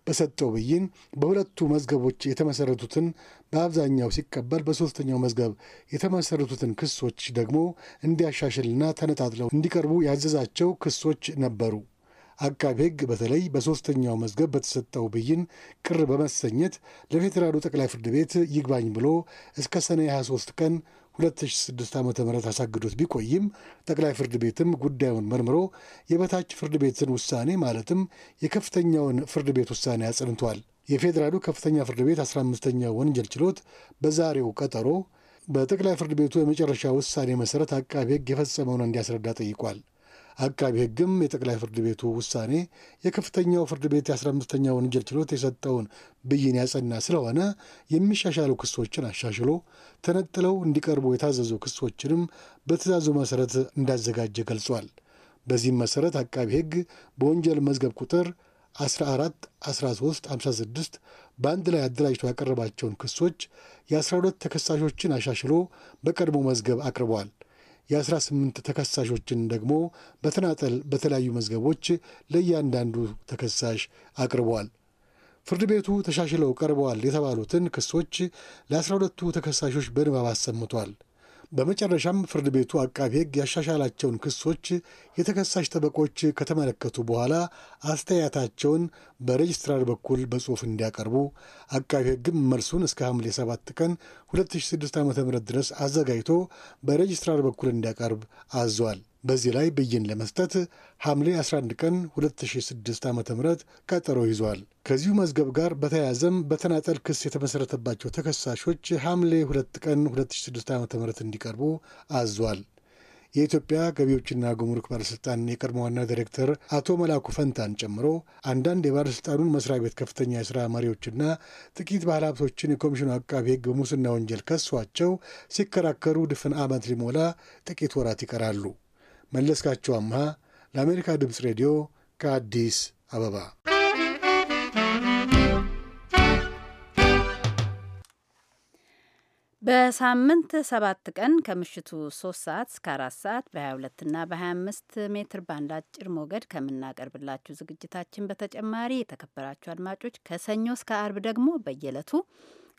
በሰጠው ብይን በሁለቱ መዝገቦች የተመሰረቱትን በአብዛኛው ሲቀበል፣ በሶስተኛው መዝገብ የተመሰረቱትን ክሶች ደግሞ እንዲያሻሽልና ተነጣጥለው እንዲቀርቡ ያዘዛቸው ክሶች ነበሩ። አቃቢ ሕግ በተለይ በሦስተኛው መዝገብ በተሰጠው ብይን ቅር በመሰኘት ለፌዴራሉ ጠቅላይ ፍርድ ቤት ይግባኝ ብሎ እስከ ሰኔ 23 ቀን 2006 ዓ ም አሳግዶት ቢቆይም ጠቅላይ ፍርድ ቤትም ጉዳዩን መርምሮ የበታች ፍርድ ቤትን ውሳኔ ማለትም የከፍተኛውን ፍርድ ቤት ውሳኔ አጽንቷል። የፌዴራሉ ከፍተኛ ፍርድ ቤት 15ኛ ወንጀል ችሎት በዛሬው ቀጠሮ በጠቅላይ ፍርድ ቤቱ የመጨረሻ ውሳኔ መሠረት አቃቢ ሕግ የፈጸመውን እንዲያስረዳ ጠይቋል። አቃቢ ሕግም የጠቅላይ ፍርድ ቤቱ ውሳኔ የከፍተኛው ፍርድ ቤት የ15ኛ ወንጀል ችሎት የሰጠውን ብይን ያጸና ስለሆነ የሚሻሻሉ ክሶችን አሻሽሎ ተነጥለው እንዲቀርቡ የታዘዙ ክሶችንም በትእዛዙ መሠረት እንዳዘጋጀ ገልጿል። በዚህም መሠረት አቃቢ ሕግ በወንጀል መዝገብ ቁጥር 14፣ 13፣ 56 በአንድ ላይ አደራጅቶ ያቀረባቸውን ክሶች የ12 ተከሳሾችን አሻሽሎ በቀድሞ መዝገብ አቅርቧል። የ18 ተከሳሾችን ደግሞ በተናጠል በተለያዩ መዝገቦች ለእያንዳንዱ ተከሳሽ አቅርቧል። ፍርድ ቤቱ ተሻሽለው ቀርበዋል የተባሉትን ክሶች ለ12ቱ ተከሳሾች በንባብ አሰምቷል። በመጨረሻም ፍርድ ቤቱ አቃቢ ሕግ ያሻሻላቸውን ክሶች የተከሳሽ ጠበቆች ከተመለከቱ በኋላ አስተያየታቸውን በሬጅስትራር በኩል በጽሑፍ እንዲያቀርቡ አቃቢ ሕግም መልሱን እስከ ሐምሌ 7 ቀን 2006 ዓ ም ድረስ አዘጋጅቶ በሬጅስትራር በኩል እንዲያቀርብ አዟል። በዚህ ላይ ብይን ለመስጠት ሐምሌ 11 ቀን 2006 ዓ ም ቀጠሮ ይዟል። ከዚሁ መዝገብ ጋር በተያያዘም በተናጠል ክስ የተመሠረተባቸው ተከሳሾች ሐምሌ 2 ቀን 2006 ዓ ም እንዲቀርቡ አዟል። የኢትዮጵያ ገቢዎችና ጉምሩክ ባለሥልጣን የቀድሞ ዋና ዲሬክተር አቶ መላኩ ፈንታን ጨምሮ አንዳንድ የባለሥልጣኑን መስሪያ ቤት ከፍተኛ የሥራ መሪዎችና ጥቂት ባለ ሀብቶችን የኮሚሽኑ አቃቢ ሕግ በሙስና ወንጀል ከሷቸው ሲከራከሩ ድፍን ዓመት ሊሞላ ጥቂት ወራት ይቀራሉ። መለስካቸው አምሃ ለአሜሪካ ድምፅ ሬዲዮ ከአዲስ አበባ በሳምንት ሰባት ቀን ከምሽቱ ሶስት ሰዓት እስከ አራት ሰዓት በ22 እና በ25 ሜትር ባንድ አጭር ሞገድ ከምናቀርብላችሁ ዝግጅታችን በተጨማሪ የተከበራችሁ አድማጮች ከሰኞ እስከ አርብ ደግሞ በየዕለቱ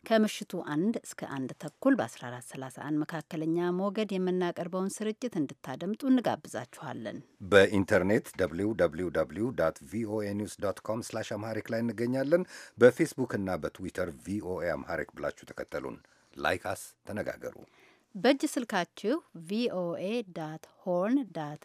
ከምሽቱ አንድ እስከ አንድ ተኩል በ1431 መካከለኛ ሞገድ የምናቀርበውን ስርጭት እንድታደምጡ እንጋብዛችኋለን። በኢንተርኔት www ቪኦኤ ኒውስ ዶት ኮም ስላሽ አምሃሪክ ላይ እንገኛለን። በፌስቡክ እና በትዊተር ቪኦኤ አምሃሪክ ብላችሁ ተከተሉን፣ ላይክ አስ፣ ተነጋገሩ። በእጅ ስልካችሁ ቪኦኤ ዳት ሆርን ዳት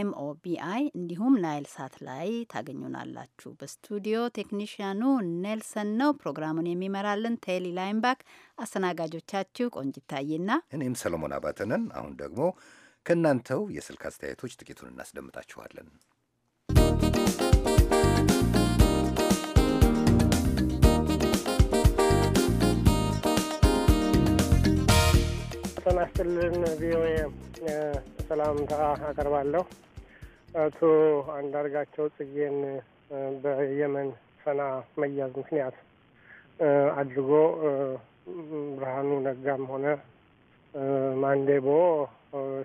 ኤምኦቢአይ እንዲሁም ናይል ሳት ላይ ታገኙናላችሁ። በስቱዲዮ ቴክኒሽያኑ ኔልሰን ነው። ፕሮግራሙን የሚመራልን ቴሊ ላይምባክ፣ አስተናጋጆቻችሁ ቆንጅታዬና እኔም ሰለሞን አባተነን። አሁን ደግሞ ከእናንተው የስልክ አስተያየቶች ጥቂቱን እናስደምጣችኋለን። ተናስልን ቪኦኤ ሰላምታ አቀርባለሁ። አቶ አንዳርጋቸው ጽጌን በየመን ፈና መያዝ ምክንያት አድርጎ ብርሃኑ ነጋም ሆነ ማንዴቦ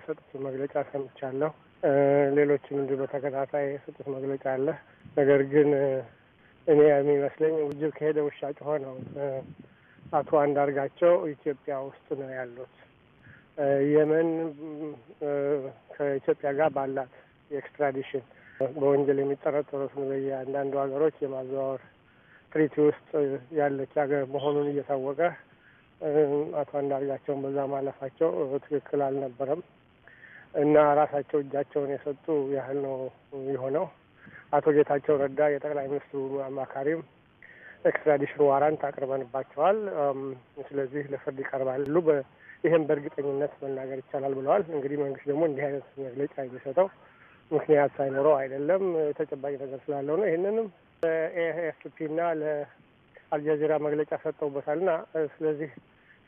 ሰጡት መግለጫ ሰምቻለሁ። ሌሎችም እንዲሁ በተከታታይ የሰጡት መግለጫ አለ። ነገር ግን እኔ የሚመስለኝ ውጅብ ከሄደ ውሻ ጮኸ ነው። አቶ አንዳርጋቸው ኢትዮጵያ ውስጥ ነው ያሉት። የመን ከኢትዮጵያ ጋር ባላት የኤክስትራዲሽን በወንጀል የሚጠረጠሩትን በየአንዳንዱ ሀገሮች የማዘዋወር ትሪቲ ውስጥ ያለች ሀገር መሆኑን እየታወቀ አቶ አንዳርጋቸውን በዛ ማለፋቸው ትክክል አልነበረም እና ራሳቸው እጃቸውን የሰጡ ያህል ነው የሆነው። አቶ ጌታቸው ረዳ የጠቅላይ ሚኒስትሩ አማካሪም ኤክስትራዲሽን ዋራንት አቅርበንባቸዋል። ስለዚህ ለፍርድ ይቀርባሉ። ይህም በእርግጠኝነት መናገር ይቻላል ብለዋል። እንግዲህ መንግስት ደግሞ እንዲህ አይነት መግለጫ የሚሰጠው ምክንያት ሳይኖረው አይደለም፣ ተጨባጭ ነገር ስላለው ነው። ይህንንም ለኤኤፍፒ እና ለአልጃዚራ መግለጫ ሰጠውበታልና ስለዚህ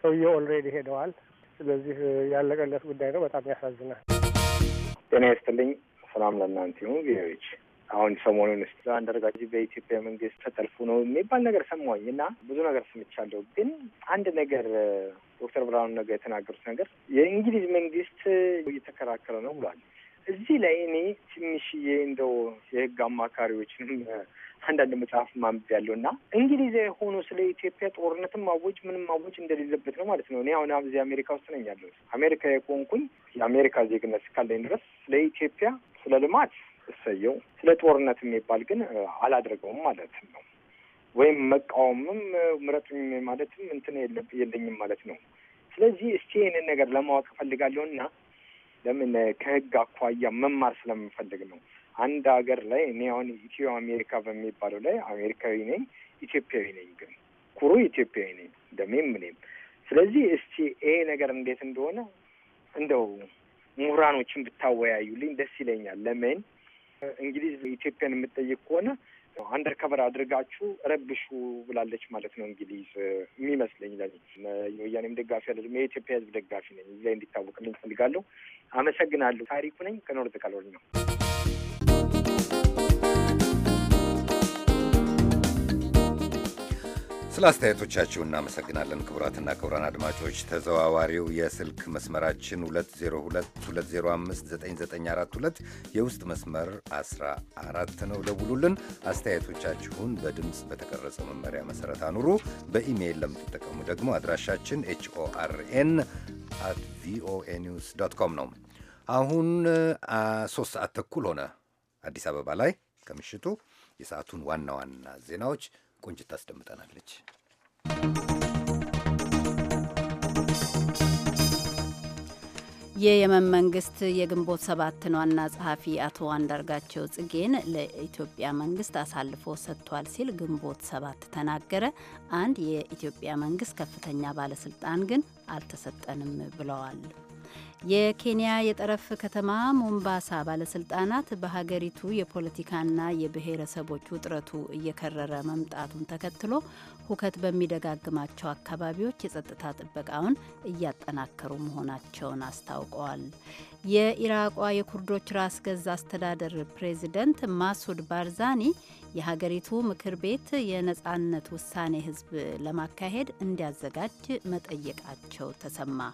ሰውየው ኦልሬዲ ሄደዋል። ስለዚህ ያለቀለት ጉዳይ ነው። በጣም ያሳዝናል። ጤና ይስጥልኝ። ሰላም ለእናንተ ይሁን ቪዎች አሁን ሰሞኑን ስ አንዳርጋቸው በኢትዮጵያ መንግስት ተጠልፎ ነው የሚባል ነገር ሰማኝ እና ብዙ ነገር ስምቻለሁ። ግን አንድ ነገር ዶክተር ብርሃኑ ነገ የተናገሩት ነገር የእንግሊዝ መንግስት እየተከራከረ ነው ብሏል። እዚህ ላይ እኔ ትንሽዬ እንደው የህግ አማካሪዎችንም አንዳንድ መጽሐፍ ማንብ ያለው እና እንግሊዝ የሆኑ ስለ ኢትዮጵያ ጦርነትም ማወጅ ምንም ማወጅ እንደሌለበት ነው ማለት ነው። እኔ አሁን አብዚ አሜሪካ ውስጥ ነኝ ያለሁት። አሜሪካ የኮንኩኝ የአሜሪካ ዜግነት እስካለኝ ድረስ ስለ ኢትዮጵያ ስለ ልማት እሰየው። ስለ ጦርነት የሚባል ግን አላደርገውም ማለት ነው። ወይም መቃወምም ምረጡኝ ማለትም እንትን የለኝም ማለት ነው። ስለዚህ እስቲ ይህንን ነገር ለማወቅ እፈልጋለሁ እና ለምን ከህግ አኳያ መማር ስለምፈልግ ነው። አንድ ሀገር ላይ እኔ አሁን ኢትዮ አሜሪካ በሚባለው ላይ አሜሪካዊ ነኝ፣ ኢትዮጵያዊ ነኝ፣ ግን ኩሩ ኢትዮጵያዊ ነኝ ደሜም ምኔም። ስለዚህ እስቲ ይሄ ነገር እንዴት እንደሆነ እንደው ምሁራኖችን ብታወያዩልኝ ደስ ይለኛል። ለምን እንግሊዝ ኢትዮጵያን የምትጠይቅ ከሆነ አንደር ከቨር አድርጋችሁ ረብሹ ብላለች ማለት ነው እንግሊዝ የሚመስለኝ ለኔ። የወያኔም ደጋፊ አይደለም የኢትዮጵያ ሕዝብ ደጋፊ ነኝ። እዚያ እንዲታወቅ እፈልጋለሁ። አመሰግናለሁ። ታሪኩ ነኝ ከኖርዝ ካሮላይና ነው። ስለ አስተያየቶቻችሁ እናመሰግናለን። ክቡራትና ክቡራን አድማጮች ተዘዋዋሪው የስልክ መስመራችን 2022059942 የውስጥ መስመር 14 ነው። ደውሉልን። አስተያየቶቻችሁን በድምፅ በተቀረጸ መመሪያ መሰረት አኑሩ። በኢሜይል ለምትጠቀሙ ደግሞ አድራሻችን ኤችኦአርኤን አት ቪኦኤ ኒውስ ዶት ኮም ነው። አሁን ሶስት ሰዓት ተኩል ሆነ አዲስ አበባ ላይ ከምሽቱ የሰዓቱን ዋና ዋና ዜናዎች ቆንጅት ታስደምጠናለች። የየመን መንግስት የግንቦት ሰባትን ዋና ጸሐፊ አቶ አንዳርጋቸው ጽጌን ለኢትዮጵያ መንግስት አሳልፎ ሰጥቷል ሲል ግንቦት ሰባት ተናገረ። አንድ የኢትዮጵያ መንግስት ከፍተኛ ባለስልጣን ግን አልተሰጠንም ብለዋል። የኬንያ የጠረፍ ከተማ ሞምባሳ ባለስልጣናት በሀገሪቱ የፖለቲካና የብሔረሰቦች ውጥረቱ እየከረረ መምጣቱን ተከትሎ ሁከት በሚደጋግማቸው አካባቢዎች የጸጥታ ጥበቃውን እያጠናከሩ መሆናቸውን አስታውቀዋል። የኢራቋ የኩርዶች ራስ ገዝ አስተዳደር ፕሬዚደንት ማሱድ ባርዛኒ የሀገሪቱ ምክር ቤት የነጻነት ውሳኔ ህዝብ ለማካሄድ እንዲያዘጋጅ መጠየቃቸው ተሰማ።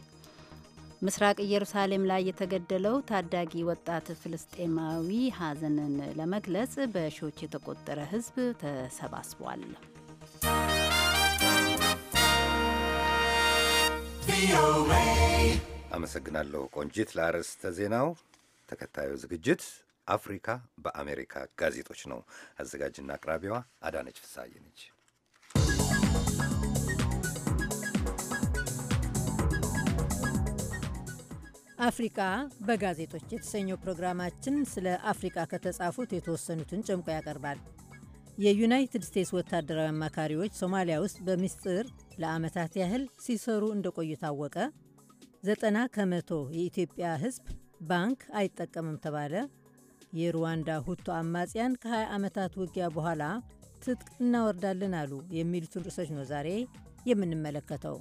ምስራቅ ኢየሩሳሌም ላይ የተገደለው ታዳጊ ወጣት ፍልስጤማዊ ሀዘንን ለመግለጽ በሺዎች የተቆጠረ ሕዝብ ተሰባስቧል። አመሰግናለሁ ቆንጂት ለአርዕስተ ዜናው። ተከታዩ ዝግጅት አፍሪካ በአሜሪካ ጋዜጦች ነው። አዘጋጅና አቅራቢዋ አዳነች ፍሳዬ ነች። አፍሪካ በጋዜጦች የተሰኘው ፕሮግራማችን ስለ አፍሪካ ከተጻፉት የተወሰኑትን ጨምቆ ያቀርባል። የዩናይትድ ስቴትስ ወታደራዊ አማካሪዎች ሶማሊያ ውስጥ በምስጢር ለዓመታት ያህል ሲሰሩ እንደቆዩ ታወቀ፣ ዘጠና ከመቶ የኢትዮጵያ ሕዝብ ባንክ አይጠቀምም ተባለ፣ የሩዋንዳ ሁቱ አማጽያን ከ20 ዓመታት ውጊያ በኋላ ትጥቅ እናወርዳለን አሉ የሚሉትን ርዕሶች ነው ዛሬ የምንመለከተው።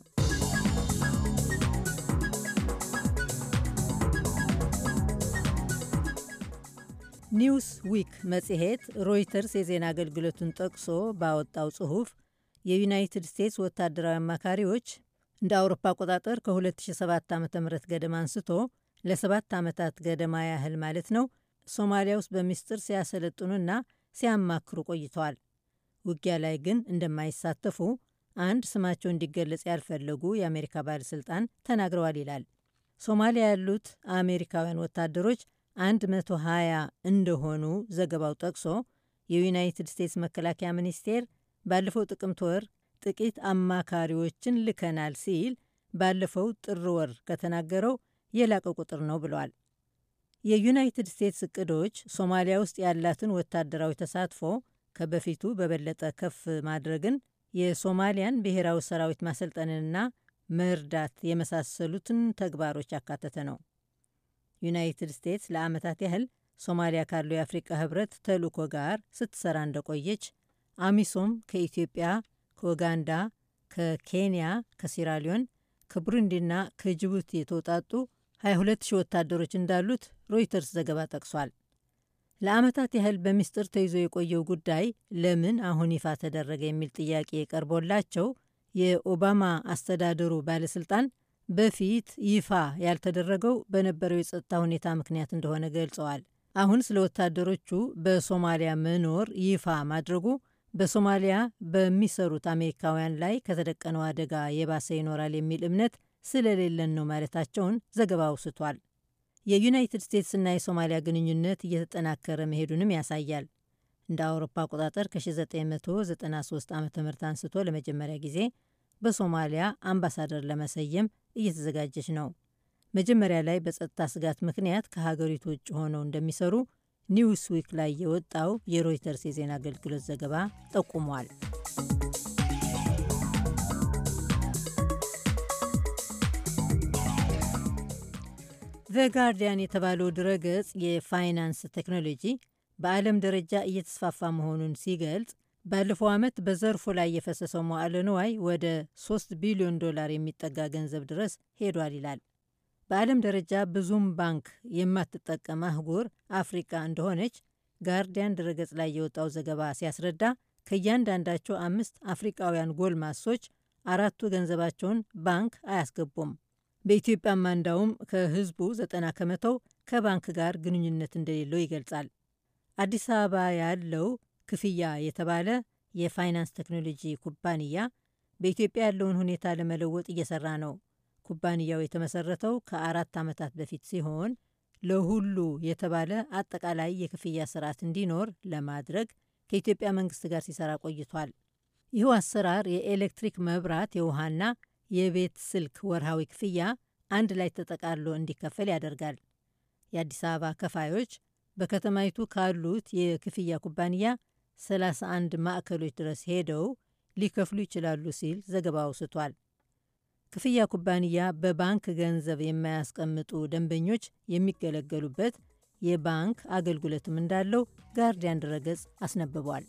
ኒውስ ዊክ መጽሔት ሮይተርስ የዜና አገልግሎትን ጠቅሶ ባወጣው ጽሑፍ የዩናይትድ ስቴትስ ወታደራዊ አማካሪዎች እንደ አውሮፓ አቆጣጠር ከ2007 ዓ ም ገደማ አንስቶ ለሰባት ዓመታት ገደማ ያህል ማለት ነው ሶማሊያ ውስጥ በሚስጥር ሲያሰለጥኑና ሲያማክሩ ቆይተዋል። ውጊያ ላይ ግን እንደማይሳተፉ አንድ ስማቸው እንዲገለጽ ያልፈለጉ የአሜሪካ ባለሥልጣን ተናግረዋል ይላል። ሶማሊያ ያሉት አሜሪካውያን ወታደሮች 120 እንደሆኑ ዘገባው ጠቅሶ የዩናይትድ ስቴትስ መከላከያ ሚኒስቴር ባለፈው ጥቅምት ወር ጥቂት አማካሪዎችን ልከናል ሲል ባለፈው ጥር ወር ከተናገረው የላቀ ቁጥር ነው ብሏል። የዩናይትድ ስቴትስ እቅዶች ሶማሊያ ውስጥ ያላትን ወታደራዊ ተሳትፎ ከበፊቱ በበለጠ ከፍ ማድረግን፣ የሶማሊያን ብሔራዊ ሰራዊት ማሰልጠንንና መርዳት የመሳሰሉትን ተግባሮች ያካተተ ነው። ዩናይትድ ስቴትስ ለዓመታት ያህል ሶማሊያ ካለው የአፍሪቃ ህብረት ተልእኮ ጋር ስትሰራ እንደቆየች አሚሶም ከኢትዮጵያ፣ ከኡጋንዳ፣ ከኬንያ፣ ከሲራሊዮን፣ ከቡሩንዲና ከጅቡቲ የተውጣጡ 22,000 ወታደሮች እንዳሉት ሮይተርስ ዘገባ ጠቅሷል። ለዓመታት ያህል በምስጢር ተይዞ የቆየው ጉዳይ ለምን አሁን ይፋ ተደረገ የሚል ጥያቄ የቀርቦላቸው የኦባማ አስተዳደሩ ባለሥልጣን በፊት ይፋ ያልተደረገው በነበረው የጸጥታ ሁኔታ ምክንያት እንደሆነ ገልጸዋል። አሁን ስለ ወታደሮቹ በሶማሊያ መኖር ይፋ ማድረጉ በሶማሊያ በሚሰሩት አሜሪካውያን ላይ ከተደቀነው አደጋ የባሰ ይኖራል የሚል እምነት ስለሌለን ነው ማለታቸውን ዘገባ አውስቷል። የዩናይትድ ስቴትስና የሶማሊያ ግንኙነት እየተጠናከረ መሄዱንም ያሳያል። እንደ አውሮፓ አቆጣጠር ከ1993 ዓ ም አንስቶ ለመጀመሪያ ጊዜ በሶማሊያ አምባሳደር ለመሰየም እየተዘጋጀች ነው። መጀመሪያ ላይ በጸጥታ ስጋት ምክንያት ከሀገሪቱ ውጭ ሆነው እንደሚሰሩ ኒውስ ዊክ ላይ የወጣው የሮይተርስ የዜና አገልግሎት ዘገባ ጠቁሟል። ዘ ጋርዲያን የተባለው ድረገጽ የፋይናንስ ቴክኖሎጂ በዓለም ደረጃ እየተስፋፋ መሆኑን ሲገልጽ ባለፈው ዓመት በዘርፉ ላይ የፈሰሰው መዋዕለ ንዋይ ወደ 3 ቢሊዮን ዶላር የሚጠጋ ገንዘብ ድረስ ሄዷል ይላል። በዓለም ደረጃ ብዙም ባንክ የማትጠቀም አህጉር አፍሪካ እንደሆነች ጋርዲያን ድረገጽ ላይ የወጣው ዘገባ ሲያስረዳ ከእያንዳንዳቸው አምስት አፍሪቃውያን ጎልማሶች አራቱ ገንዘባቸውን ባንክ አያስገቡም። በኢትዮጵያ ማንዳውም ከህዝቡ ዘጠና ከመቶው ከባንክ ጋር ግንኙነት እንደሌለው ይገልጻል። አዲስ አበባ ያለው ክፍያ የተባለ የፋይናንስ ቴክኖሎጂ ኩባንያ በኢትዮጵያ ያለውን ሁኔታ ለመለወጥ እየሰራ ነው። ኩባንያው የተመሰረተው ከአራት ዓመታት በፊት ሲሆን ለሁሉ የተባለ አጠቃላይ የክፍያ ስርዓት እንዲኖር ለማድረግ ከኢትዮጵያ መንግስት ጋር ሲሰራ ቆይቷል። ይህው አሰራር የኤሌክትሪክ መብራት፣ የውሃና የቤት ስልክ ወርሃዊ ክፍያ አንድ ላይ ተጠቃሎ እንዲከፈል ያደርጋል። የአዲስ አበባ ከፋዮች በከተማይቱ ካሉት የክፍያ ኩባንያ 31 ማዕከሎች ድረስ ሄደው ሊከፍሉ ይችላሉ ሲል ዘገባ አውስቷል። ክፍያ ኩባንያ በባንክ ገንዘብ የማያስቀምጡ ደንበኞች የሚገለገሉበት የባንክ አገልግሎትም እንዳለው ጋርዲያን ድረገጽ አስነብቧል።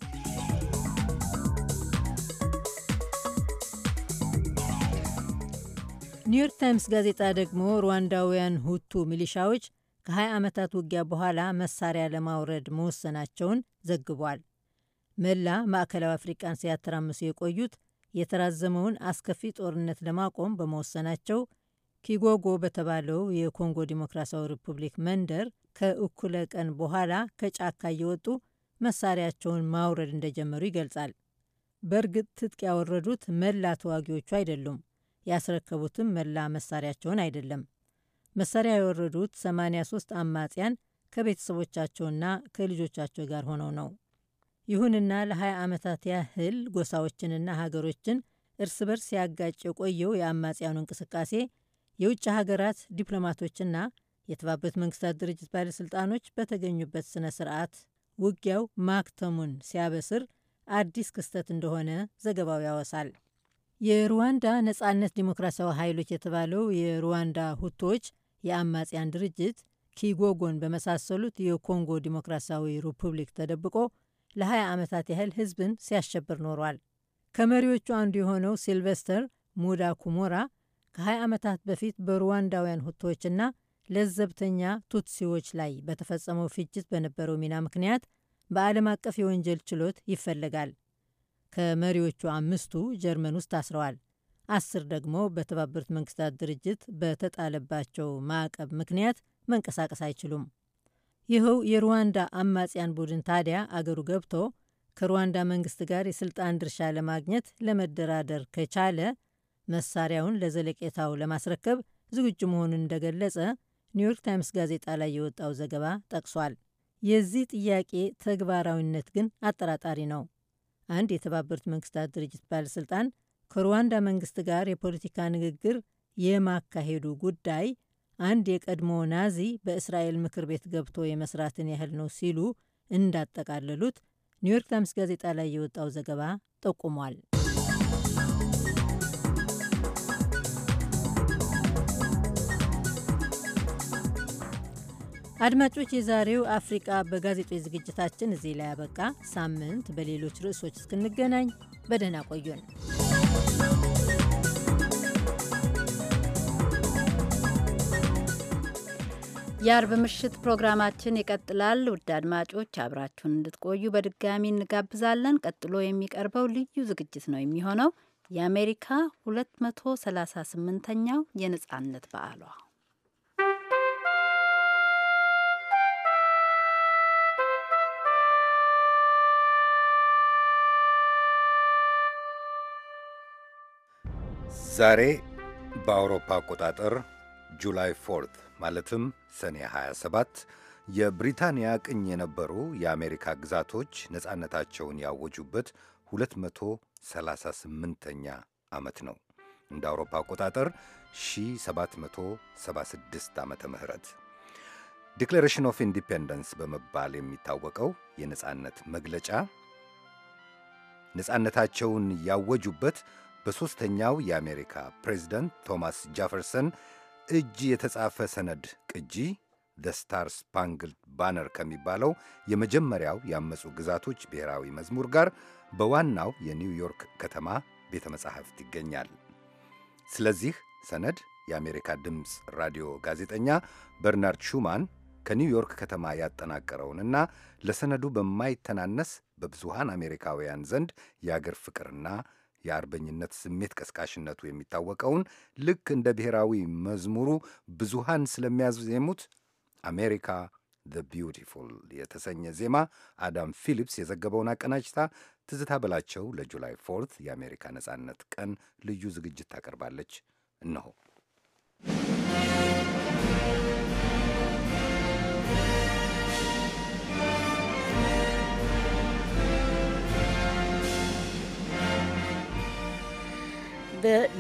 ኒውዮርክ ታይምስ ጋዜጣ ደግሞ ሩዋንዳውያን ሁቱ ሚሊሻዎች ከ20 ዓመታት ውጊያ በኋላ መሳሪያ ለማውረድ መወሰናቸውን ዘግቧል። መላ ማዕከላዊ አፍሪቃን ሲያተራምሱ የቆዩት የተራዘመውን አስከፊ ጦርነት ለማቆም በመወሰናቸው ኪጎጎ በተባለው የኮንጎ ዲሞክራሲያዊ ሪፑብሊክ መንደር ከእኩለ ቀን በኋላ ከጫካ እየወጡ መሳሪያቸውን ማውረድ እንደጀመሩ ይገልጻል። በእርግጥ ትጥቅ ያወረዱት መላ ተዋጊዎቹ አይደሉም። ያስረከቡትም መላ መሳሪያቸውን አይደለም። መሳሪያ ያወረዱት 83 አማጽያን ከቤተሰቦቻቸውና ከልጆቻቸው ጋር ሆነው ነው። ይሁንና ለ20 ዓመታት ያህል ጎሳዎችንና ሀገሮችን እርስ በርስ ሲያጋጭ የቆየው የአማጽያኑ እንቅስቃሴ የውጭ ሀገራት ዲፕሎማቶችና የተባበሩት መንግስታት ድርጅት ባለሥልጣኖች በተገኙበት ስነ ስርዓት ውጊያው ማክተሙን ሲያበስር አዲስ ክስተት እንደሆነ ዘገባው ያወሳል። የሩዋንዳ ነጻነት ዲሞክራሲያዊ ኃይሎች የተባለው የሩዋንዳ ሁቶች የአማጽያን ድርጅት ኪጎጎን በመሳሰሉት የኮንጎ ዲሞክራሲያዊ ሪፑብሊክ ተደብቆ ለ20 ዓመታት ያህል ህዝብን ሲያሸብር ኖሯል። ከመሪዎቹ አንዱ የሆነው ሲልቨስተር ሙዳ ኩሞራ ከ20 ዓመታት በፊት በሩዋንዳውያን ሁቶዎችና ለዘብተኛ ቱትሲዎች ላይ በተፈጸመው ፍጅት በነበረው ሚና ምክንያት በዓለም አቀፍ የወንጀል ችሎት ይፈለጋል። ከመሪዎቹ አምስቱ ጀርመን ውስጥ ታስረዋል። አስር ደግሞ በተባበሩት መንግስታት ድርጅት በተጣለባቸው ማዕቀብ ምክንያት መንቀሳቀስ አይችሉም። ይኸው የሩዋንዳ አማጽያን ቡድን ታዲያ አገሩ ገብቶ ከሩዋንዳ መንግስት ጋር የስልጣን ድርሻ ለማግኘት ለመደራደር ከቻለ መሳሪያውን ለዘለቄታው ለማስረከብ ዝግጁ መሆኑን እንደገለጸ ኒውዮርክ ታይምስ ጋዜጣ ላይ የወጣው ዘገባ ጠቅሷል። የዚህ ጥያቄ ተግባራዊነት ግን አጠራጣሪ ነው። አንድ የተባበሩት መንግስታት ድርጅት ባለሥልጣን ከሩዋንዳ መንግስት ጋር የፖለቲካ ንግግር የማካሄዱ ጉዳይ አንድ የቀድሞ ናዚ በእስራኤል ምክር ቤት ገብቶ የመስራትን ያህል ነው ሲሉ እንዳጠቃለሉት ኒውዮርክ ታይምስ ጋዜጣ ላይ የወጣው ዘገባ ጠቁሟል። አድማጮች፣ የዛሬው አፍሪቃ በጋዜጦች ዝግጅታችን እዚህ ላይ ያበቃ። ሳምንት በሌሎች ርዕሶች እስክንገናኝ በደህና ቆዩን። የአርብ ምሽት ፕሮግራማችን ይቀጥላል። ውድ አድማጮች አብራችሁን እንድትቆዩ በድጋሚ እንጋብዛለን። ቀጥሎ የሚቀርበው ልዩ ዝግጅት ነው የሚሆነው የአሜሪካ 238ኛው የነጻነት በዓሏ ዛሬ በአውሮፓ አቆጣጠር ጁላይ ፎርት ማለትም ሰኔ 27 የብሪታንያ ቅኝ የነበሩ የአሜሪካ ግዛቶች ነፃነታቸውን ያወጁበት 238ኛ ዓመት ነው። እንደ አውሮፓ አቆጣጠር 1776 ዓመተ ምህረት ዲክሌሬሽን ኦፍ ኢንዲፔንደንስ በመባል የሚታወቀው የነፃነት መግለጫ ነፃነታቸውን ያወጁበት በሦስተኛው የአሜሪካ ፕሬዚደንት ቶማስ ጃፈርሰን እጅ የተጻፈ ሰነድ ቅጂ ደ ስታር ስፓንግልድ ባነር ከሚባለው የመጀመሪያው ያመፁ ግዛቶች ብሔራዊ መዝሙር ጋር በዋናው የኒውዮርክ ከተማ ቤተ መጻሕፍት ይገኛል። ስለዚህ ሰነድ የአሜሪካ ድምፅ ራዲዮ ጋዜጠኛ በርናርድ ሹማን ከኒውዮርክ ከተማ ያጠናቀረውንና ለሰነዱ በማይተናነስ በብዙሃን አሜሪካውያን ዘንድ የአገር ፍቅርና የአርበኝነት ስሜት ቀስቃሽነቱ የሚታወቀውን ልክ እንደ ብሔራዊ መዝሙሩ ብዙሃን ስለሚያዜሙት አሜሪካ ዘ ቢዩቲፉል የተሰኘ ዜማ አዳም ፊሊፕስ የዘገበውን አቀናጅታ ትዝታ በላቸው ለጁላይ ፎርት የአሜሪካ ነጻነት ቀን ልዩ ዝግጅት ታቀርባለች። እነሆ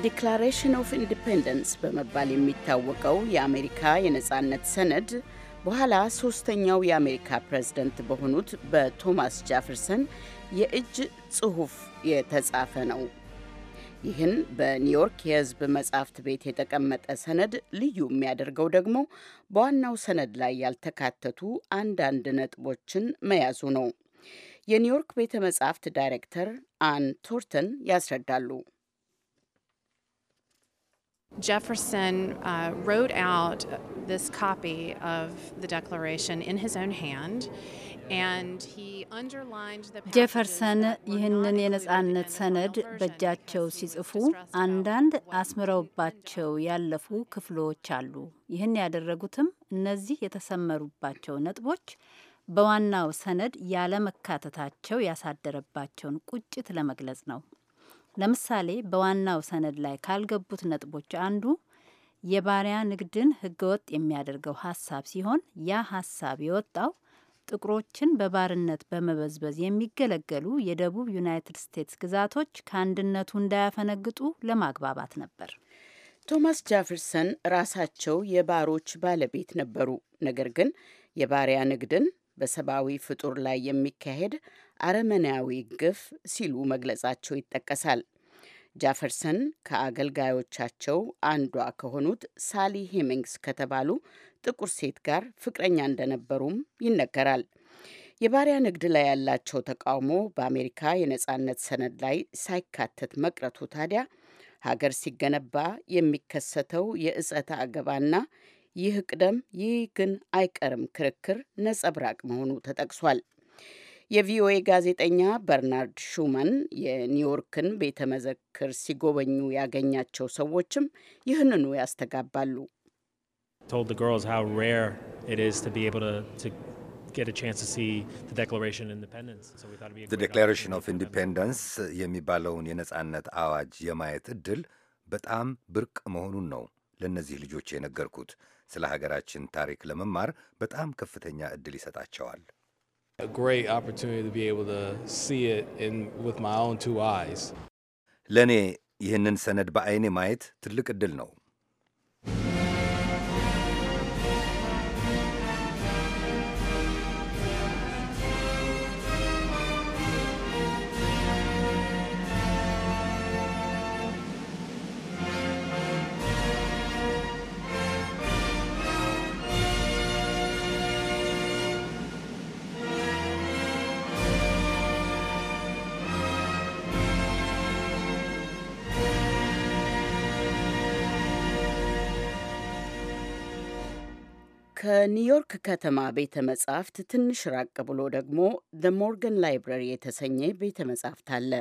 ዲክላሬሽን ኦፍ ኢንዲፔንደንስ በመባል የሚታወቀው የአሜሪካ የነጻነት ሰነድ በኋላ ሶስተኛው የአሜሪካ ፕሬዝደንት በሆኑት በቶማስ ጃፈርሰን የእጅ ጽሑፍ የተጻፈ ነው። ይህን በኒውዮርክ የሕዝብ መጻሕፍት ቤት የተቀመጠ ሰነድ ልዩ የሚያደርገው ደግሞ በዋናው ሰነድ ላይ ያልተካተቱ አንዳንድ ነጥቦችን መያዙ ነው። የኒውዮርክ ቤተ መጻሕፍት ዳይሬክተር አን ቶርተን ያስረዳሉ። Jefferson uh, wrote out this copy of the Declaration in his own hand. ጄፈርሰን ይህንን የነጻነት ሰነድ በእጃቸው ሲጽፉ አንዳንድ አስምረውባቸው ያለፉ ክፍሎች አሉ። ይህን ያደረጉትም እነዚህ የተሰመሩባቸው ነጥቦች በዋናው ሰነድ ያለመካተታቸው ያሳደረባቸውን ቁጭት ለመግለጽ ነው። ለምሳሌ በዋናው ሰነድ ላይ ካልገቡት ነጥቦች አንዱ የባሪያ ንግድን ህገወጥ የሚያደርገው ሀሳብ ሲሆን ያ ሀሳብ የወጣው ጥቁሮችን በባርነት በመበዝበዝ የሚገለገሉ የደቡብ ዩናይትድ ስቴትስ ግዛቶች ከአንድነቱ እንዳያፈነግጡ ለማግባባት ነበር። ቶማስ ጃፈርሰን ራሳቸው የባሮች ባለቤት ነበሩ። ነገር ግን የባሪያ ንግድን በሰብአዊ ፍጡር ላይ የሚካሄድ አረመናዊ ግፍ ሲሉ መግለጻቸው ይጠቀሳል። ጃፈርሰን ከአገልጋዮቻቸው አንዷ ከሆኑት ሳሊ ሄሚንግስ ከተባሉ ጥቁር ሴት ጋር ፍቅረኛ እንደነበሩም ይነገራል። የባሪያ ንግድ ላይ ያላቸው ተቃውሞ በአሜሪካ የነጻነት ሰነድ ላይ ሳይካተት መቅረቱ ታዲያ ሀገር ሲገነባ የሚከሰተው የእጸተ አገባና ይህ ቅደም ይህ ግን አይቀርም ክርክር ነጸብራቅ መሆኑ ተጠቅሷል። የቪኦኤ ጋዜጠኛ በርናርድ ሹመን የኒውዮርክን ቤተ መዘክር ሲጎበኙ ያገኛቸው ሰዎችም ይህንኑ ያስተጋባሉ። ዴክላሬሽን ኦፍ ኢንዲፔንደንስ የሚባለውን የነጻነት አዋጅ የማየት እድል በጣም ብርቅ መሆኑን ነው ለእነዚህ ልጆች የነገርኩት። ስለ ሀገራችን ታሪክ ለመማር በጣም ከፍተኛ እድል ይሰጣቸዋል። a great opportunity to be able to see it in with my own two eyes. ለእኔ ይህንን ሰነድ በዐይኔ ማየት ትልቅ ዕድል ነው። በኒውዮርክ ከተማ ቤተ መጻሕፍት ትንሽ ራቅ ብሎ ደግሞ ዘ ሞርገን ላይብረሪ የተሰኘ ቤተ መጻሕፍት አለ።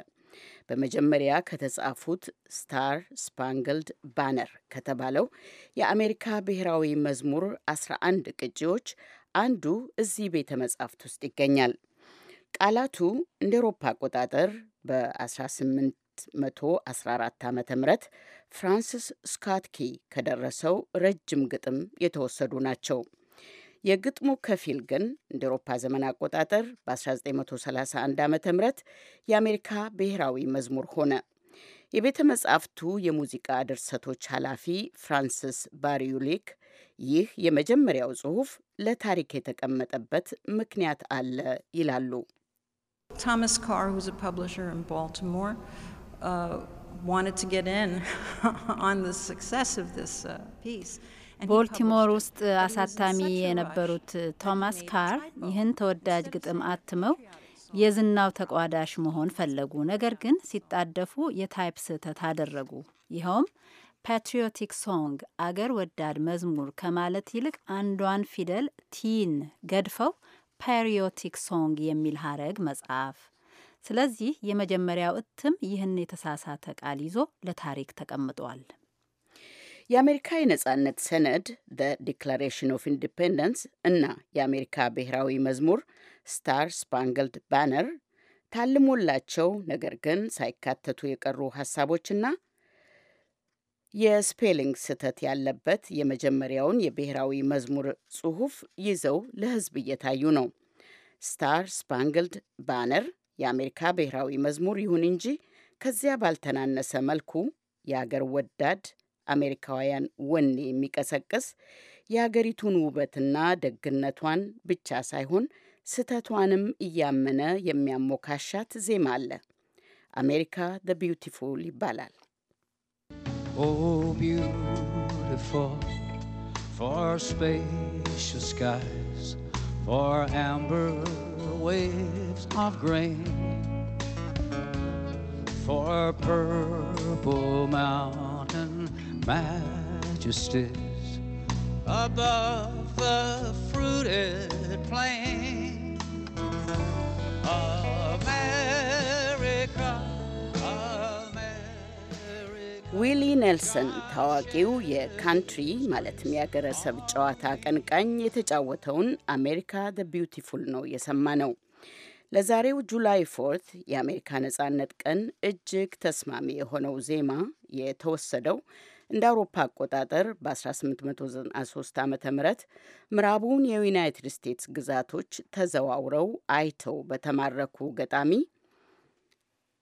በመጀመሪያ ከተጻፉት ስታር ስፓንግልድ ባነር ከተባለው የአሜሪካ ብሔራዊ መዝሙር 11 ቅጂዎች አንዱ እዚህ ቤተ መጻሕፍት ውስጥ ይገኛል። ቃላቱ እንደ ኤሮፓ አቆጣጠር በ1814 ዓ ም ፍራንሲስ ስካትኪ ከደረሰው ረጅም ግጥም የተወሰዱ ናቸው። የግጥሙ ከፊል ግን እንደ ኤሮፓ ዘመን አቆጣጠር በ1931 ዓ ም የአሜሪካ ብሔራዊ መዝሙር ሆነ። የቤተ መጻሕፍቱ የሙዚቃ ድርሰቶች ኃላፊ ፍራንሲስ ባሪዩሊክ ይህ የመጀመሪያው ጽሑፍ ለታሪክ የተቀመጠበት ምክንያት አለ ይላሉ። ቶማስ ካር *laughs* ቦልቲሞር ውስጥ አሳታሚ የነበሩት ቶማስ ካር ይህን ተወዳጅ ግጥም አትመው የዝናው ተቋዳሽ መሆን ፈለጉ። ነገር ግን ሲጣደፉ የታይፕ ስህተት አደረጉ። ይኸውም ፓትሪዮቲክ ሶንግ አገር ወዳድ መዝሙር ከማለት ይልቅ አንዷን ፊደል ቲን ገድፈው ፓሪዮቲክ ሶንግ የሚል ሀረግ መጽሐፍ። ስለዚህ የመጀመሪያው እትም ይህን የተሳሳተ ቃል ይዞ ለታሪክ ተቀምጧል። የአሜሪካ የነጻነት ሰነድ ዘ ዲክላሬሽን ኦፍ ኢንዲፔንደንስ እና የአሜሪካ ብሔራዊ መዝሙር ስታር ስፓንግልድ ባነር ታልሞላቸው ነገር ግን ሳይካተቱ የቀሩ ሀሳቦችና የስፔሊንግ ስህተት ያለበት የመጀመሪያውን የብሔራዊ መዝሙር ጽሑፍ ይዘው ለሕዝብ እየታዩ ነው። ስታር ስፓንግልድ ባነር የአሜሪካ ብሔራዊ መዝሙር ይሁን እንጂ ከዚያ ባልተናነሰ መልኩ የአገር ወዳድ አሜሪካውያን ወኔ የሚቀሰቅስ የአገሪቱን ውበትና ደግነቷን ብቻ ሳይሆን ስህተቷንም እያመነ የሚያሞካሻት ዜማ አለ። አሜሪካ ዘ ቢዩቲፉል ይባላል። for purple mountains majesties above the fruited plain. ዊሊ ኔልሰን ታዋቂው የካንትሪ ማለትም የአገረሰብ ጨዋታ አቀንቃኝ የተጫወተውን አሜሪካ ደ ቢዩቲፉል ነው የሰማ ነው። ለዛሬው ጁላይ ፎርት የአሜሪካ ነጻነት ቀን እጅግ ተስማሚ የሆነው ዜማ የተወሰደው እንደ አውሮፓ አቆጣጠር በ1893 ዓ ም ምዕራቡን የዩናይትድ ስቴትስ ግዛቶች ተዘዋውረው አይተው በተማረኩ ገጣሚ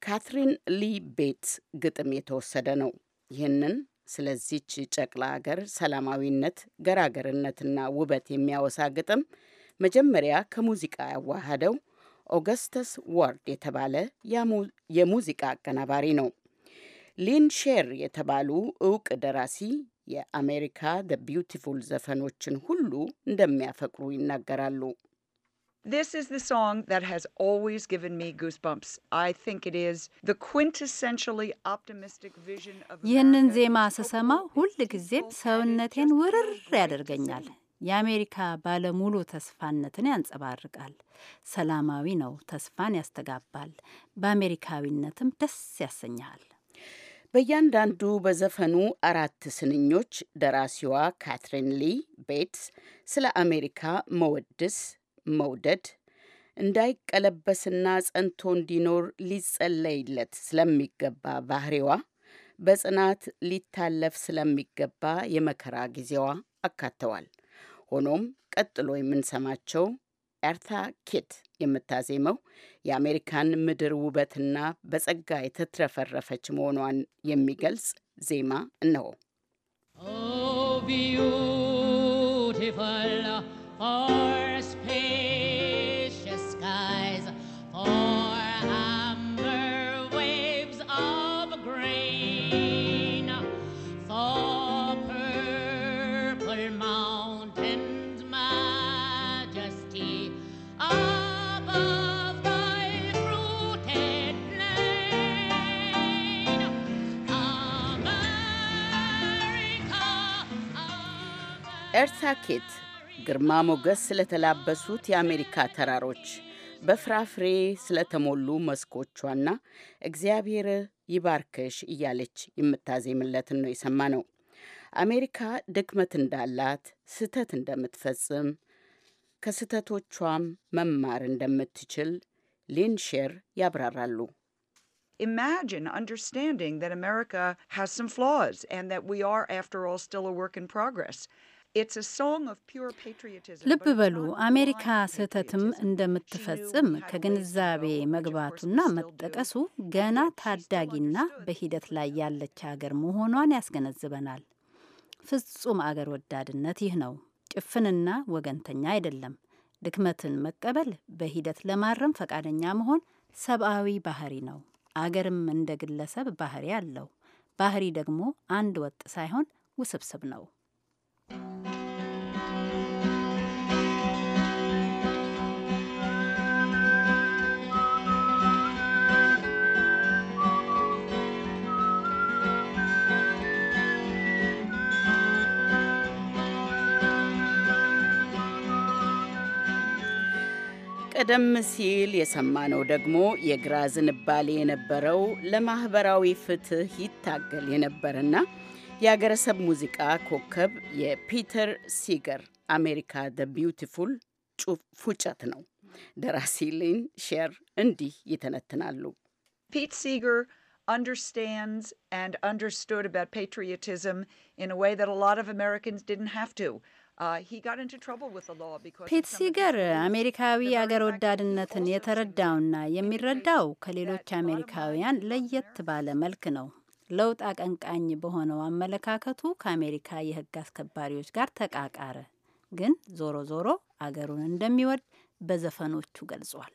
ካትሪን ሊ ቤትስ ግጥም የተወሰደ ነው። ይህንን ስለዚች ጨቅላ አገር ሰላማዊነት፣ ገራገርነትና ውበት የሚያወሳ ግጥም መጀመሪያ ከሙዚቃ ያዋሃደው ኦገስተስ ዋርድ የተባለ የሙዚቃ አቀናባሪ ነው። ሊንሼር የተባሉ እውቅ ደራሲ የአሜሪካ ደ ቢውቲፉል ዘፈኖችን ሁሉ እንደሚያፈቅሩ ይናገራሉ። This is the song that has always given me goosebumps. I think it is the quintessentially optimistic vision of ይህንን ዜማ ስሰማው ሁል ጊዜም ሰውነቴን ውርር ያደርገኛል። የአሜሪካ ባለሙሉ ተስፋነትን ያንጸባርቃል። ሰላማዊ ነው፣ ተስፋን ያስተጋባል፣ በአሜሪካዊነትም ደስ ያሰኛል። በእያንዳንዱ በዘፈኑ አራት ስንኞች ደራሲዋ ካትሪን ሊ ቤትስ ስለ አሜሪካ መወድስ መውደድ እንዳይቀለበስና ጸንቶ እንዲኖር ሊጸለይለት ስለሚገባ ባህሪዋ በጽናት ሊታለፍ ስለሚገባ የመከራ ጊዜዋ አካተዋል። ሆኖም ቀጥሎ የምንሰማቸው ኤርታ ኪት የምታዜመው የአሜሪካን ምድር ውበትና በጸጋ የተትረፈረፈች መሆኗን የሚገልጽ ዜማ ነው። ቢዩቲፋል oh, ኬት ግርማ ሞገስ ስለተላበሱት የአሜሪካ ተራሮች በፍራፍሬ ስለተሞሉ መስኮቿና እግዚአብሔር ይባርክሽ እያለች የምታዜምለትን ነው የሰማ ነው። አሜሪካ ድክመት እንዳላት፣ ስህተት እንደምትፈጽም፣ ከስህተቶቿም መማር እንደምትችል ሊንሼር ያብራራሉ። Imagine understanding that America has some flaws and that we are, after all, still a work in progress. ልብ በሉ አሜሪካ ስህተትም እንደምትፈጽም ከግንዛቤ መግባቱና መጠቀሱ ገና ታዳጊና በሂደት ላይ ያለች ሀገር መሆኗን ያስገነዝበናል። ፍጹም አገር ወዳድነት ይህ ነው። ጭፍንና ወገንተኛ አይደለም። ድክመትን መቀበል፣ በሂደት ለማረም ፈቃደኛ መሆን ሰብአዊ ባህሪ ነው። አገርም እንደ ግለሰብ ባህሪ አለው። ባህሪ ደግሞ አንድ ወጥ ሳይሆን ውስብስብ ነው። ቀደም ሲል የሰማነው ደግሞ የግራ ዝንባሌ የነበረው ለማኅበራዊ ፍትህ ይታገል የነበረና የአገረሰብ ሙዚቃ ኮከብ የፒተር ሲገር አሜሪካ ደ ቢዩቲፉል ፉጨት ነው። ደራሲ ሊን ሼር እንዲህ ይተነትናሉ። ፒት ሲገር understands and understood about patriotism in a way that a lot of Americans didn't have to. ፒት uh, ሲገር አሜሪካዊ አገር ወዳድነትን የተረዳውና የሚረዳው ከሌሎች አሜሪካውያን ለየት ባለ መልክ ነው። ለውጥ አቀንቃኝ በሆነው አመለካከቱ ከአሜሪካ የሕግ አስከባሪዎች ጋር ተቃቃረ። ግን ዞሮ ዞሮ አገሩን እንደሚወድ በዘፈኖቹ ገልጿል።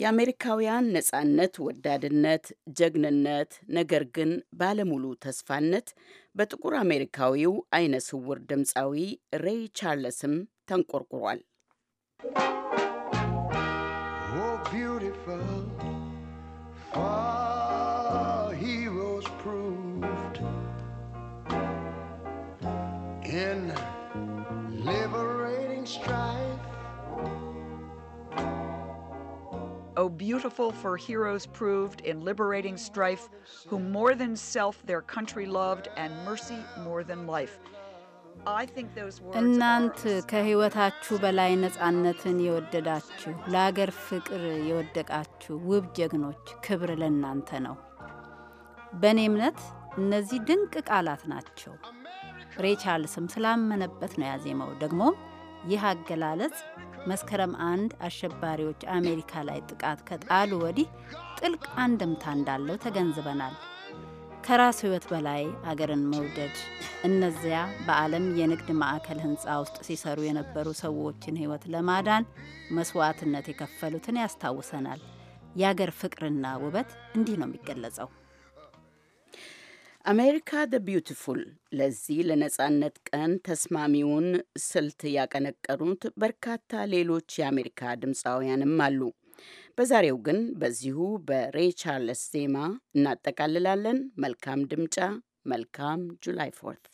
የአሜሪካውያን ነጻነት ወዳድነት፣ ጀግንነት፣ ነገር ግን ባለሙሉ ተስፋነት በጥቁር አሜሪካዊው አይነ ስውር ድምፃዊ ሬይ ቻርለስም ተንቆርቁሯል። Oh, so beautiful for heroes proved in liberating strife, who more than self their country loved, and mercy more than life. እናንት ከሕይወታችሁ በላይ ነጻነትን የወደዳችሁ ለአገር ፍቅር የወደቃችሁ ውብ ጀግኖች፣ ክብር ለእናንተ ነው። በእኔ እምነት እነዚህ ድንቅ ቃላት ናቸው። ሬ ቻርልስም ስላመነበት ነው ያዜመው። ደግሞም ይህ አገላለጽ መስከረም አንድ አሸባሪዎች አሜሪካ ላይ ጥቃት ከጣሉ ወዲህ ጥልቅ አንድምታ እንዳለው ተገንዝበናል። ከራስ ሕይወት በላይ አገርን መውደድ እነዚያ በዓለም የንግድ ማዕከል ህንፃ ውስጥ ሲሰሩ የነበሩ ሰዎችን ሕይወት ለማዳን መስዋዕትነት የከፈሉትን ያስታውሰናል። የአገር ፍቅርና ውበት እንዲህ ነው የሚገለጸው። አሜሪካ ደ ቢዩቲፉል ለዚህ ለነጻነት ቀን ተስማሚውን ስልት ያቀነቀሩት በርካታ ሌሎች የአሜሪካ ድምፃውያንም አሉ። በዛሬው ግን በዚሁ በሬይ ዜማ እናጠቃልላለን። መልካም ድምጫ፣ መልካም ጁላይ ፎርት።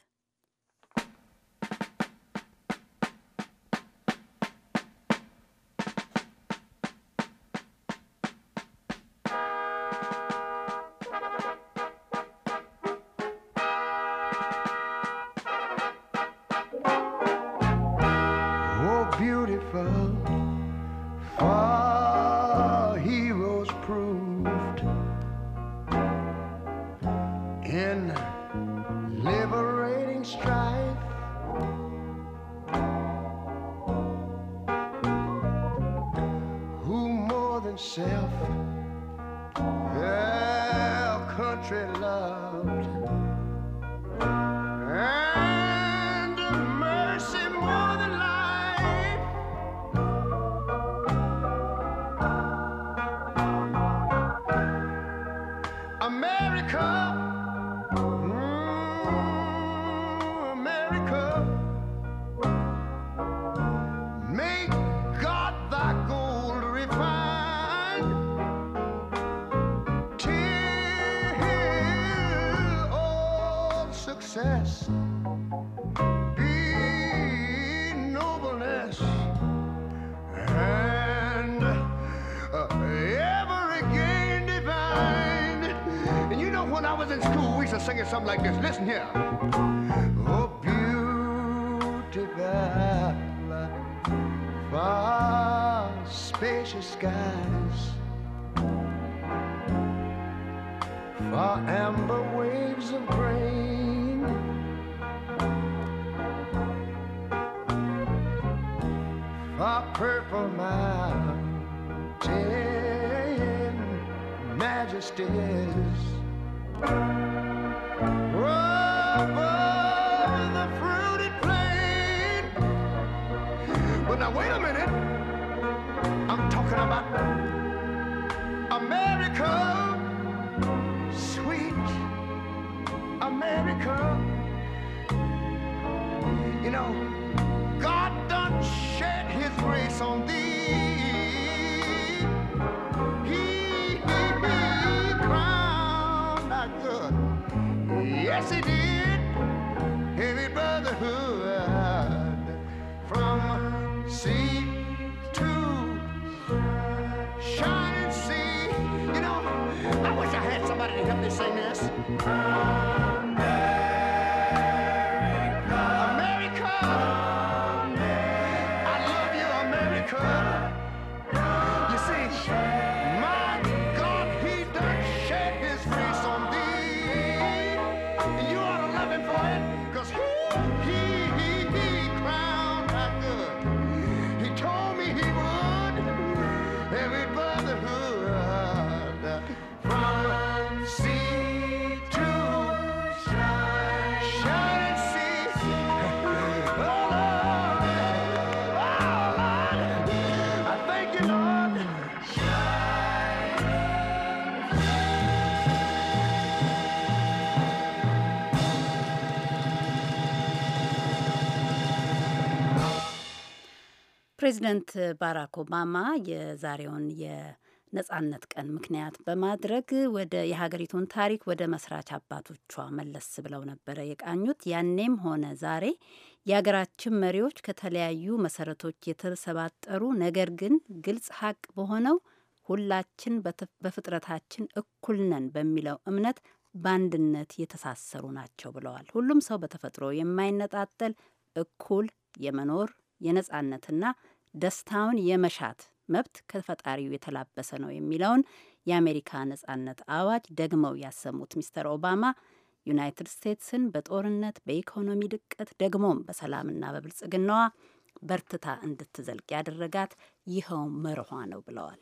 picture skies for amber waves of grain. For purple mountain majesties. Above the fruited plain. But now wait a minute talking about America. ፕሬዚደንት ባራክ ኦባማ የዛሬውን የነጻነት ቀን ምክንያት በማድረግ ወደ የሀገሪቱን ታሪክ ወደ መስራች አባቶቿ መለስ ብለው ነበረ የቃኙት። ያኔም ሆነ ዛሬ የሀገራችን መሪዎች ከተለያዩ መሰረቶች የተሰባጠሩ ነገር ግን ግልጽ ሀቅ በሆነው ሁላችን በፍጥረታችን እኩል ነን በሚለው እምነት በአንድነት የተሳሰሩ ናቸው ብለዋል። ሁሉም ሰው በተፈጥሮ የማይነጣጠል እኩል የመኖር የነጻነትና ደስታውን የመሻት መብት ከፈጣሪው የተላበሰ ነው የሚለውን የአሜሪካ ነጻነት አዋጅ ደግመው ያሰሙት ሚስተር ኦባማ ዩናይትድ ስቴትስን በጦርነት በኢኮኖሚ ድቀት ደግሞም በሰላምና በብልጽግናዋ በርትታ እንድትዘልቅ ያደረጋት ይኸው መርኋ ነው ብለዋል።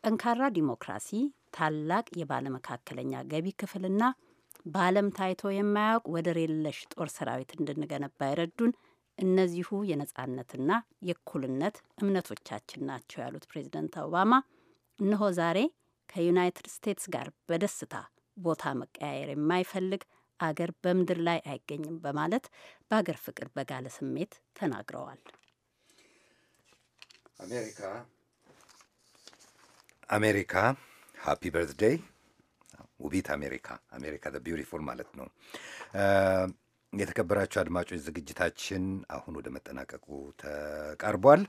ጠንካራ ዲሞክራሲ፣ ታላቅ የባለመካከለኛ ገቢ ክፍልና በዓለም ታይቶ የማያውቅ ወደር የለሽ ጦር ሰራዊት እንድንገነባ ይረዱን እነዚሁ የነጻነትና የእኩልነት እምነቶቻችን ናቸው ያሉት ፕሬዚደንት ኦባማ እነሆ ዛሬ ከዩናይትድ ስቴትስ ጋር በደስታ ቦታ መቀያየር የማይፈልግ አገር በምድር ላይ አይገኝም በማለት በአገር ፍቅር በጋለ ስሜት ተናግረዋል። አሜሪካ አሜሪካ ሃፒ በርትዴይ ውቢት አሜሪካ አሜሪካ ቢውቲፉል ማለት ነው። የተከበራችሁ አድማጮች ዝግጅታችን አሁን ወደ መጠናቀቁ ተቃርቧል።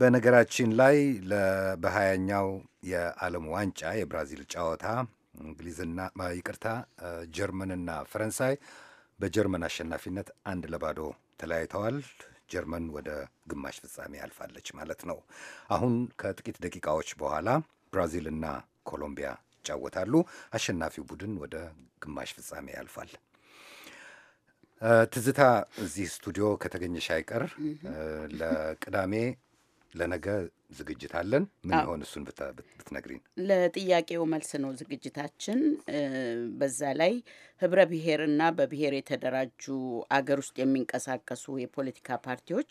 በነገራችን ላይ በሀያኛው የዓለም ዋንጫ የብራዚል ጨዋታ እንግሊዝና ይቅርታ ጀርመንና ፈረንሳይ በጀርመን አሸናፊነት አንድ ለባዶ ተለያይተዋል። ጀርመን ወደ ግማሽ ፍጻሜ ያልፋለች ማለት ነው። አሁን ከጥቂት ደቂቃዎች በኋላ ብራዚልና ኮሎምቢያ ይጫወታሉ። አሸናፊው ቡድን ወደ ግማሽ ፍጻሜ ያልፋል። ትዝታ እዚህ ስቱዲዮ ከተገኘሽ አይቀር ለቅዳሜ ለነገ ዝግጅት አለን። ምን ይሆን እሱን ብትነግሪን። ለጥያቄው መልስ ነው ዝግጅታችን። በዛ ላይ ህብረ ብሔርና በብሔር የተደራጁ አገር ውስጥ የሚንቀሳቀሱ የፖለቲካ ፓርቲዎች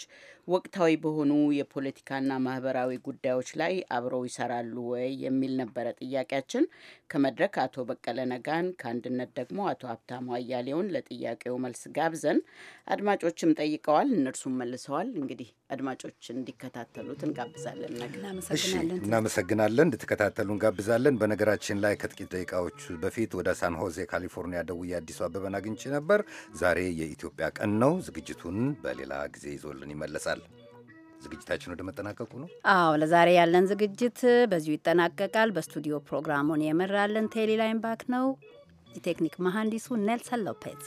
ወቅታዊ በሆኑ የፖለቲካና ማህበራዊ ጉዳዮች ላይ አብረው ይሰራሉ ወይ የሚል ነበረ ጥያቄያችን። ከመድረክ አቶ በቀለ ነጋን፣ ከአንድነት ደግሞ አቶ ሀብታሙ አያሌውን ለጥያቄው መልስ ጋብዘን አድማጮችም ጠይቀዋል፣ እነርሱም መልሰዋል። እንግዲህ አድማጮች እንዲከታተሉት እንጋብዛለን። እናመሰግናለን። እንድትከታተሉ እንጋብዛለን። በነገራችን ላይ ከጥቂት ደቂቃዎች በፊት ወደ ሳን ሆዜ ካሊፎርኒያ ደውዬ አዲሱ አበበን አግኝቼ ነበር። ዛሬ የኢትዮጵያ ቀን ነው። ዝግጅቱን በሌላ ጊዜ ይዞልን ይመለሳል። ዝግጅታችን ወደ መጠናቀቁ ነው። አዎ ለዛሬ ያለን ዝግጅት በዚሁ ይጠናቀቃል። በስቱዲዮ ፕሮግራሙን የመራለን ቴሌላይን ባክ ነው። የቴክኒክ መሐንዲሱ ኔልሰን ሎፔዝ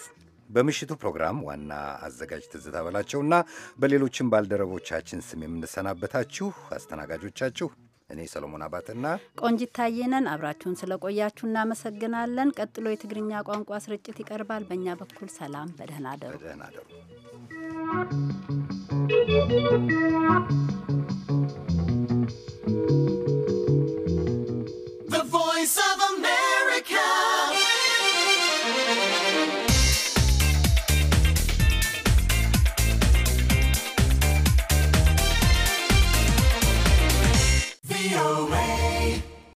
በምሽቱ ፕሮግራም ዋና አዘጋጅ ትዝታ በላቸውና በሌሎችም ባልደረቦቻችን ስም የምንሰናበታችሁ አስተናጋጆቻችሁ እኔ ሰሎሞን አባትና ቆንጂት ታየነን አብራችሁን ስለቆያችሁ እናመሰግናለን። ቀጥሎ የትግርኛ ቋንቋ ስርጭት ይቀርባል። በእኛ በኩል ሰላም፣ በደህና አደሩ። በደህና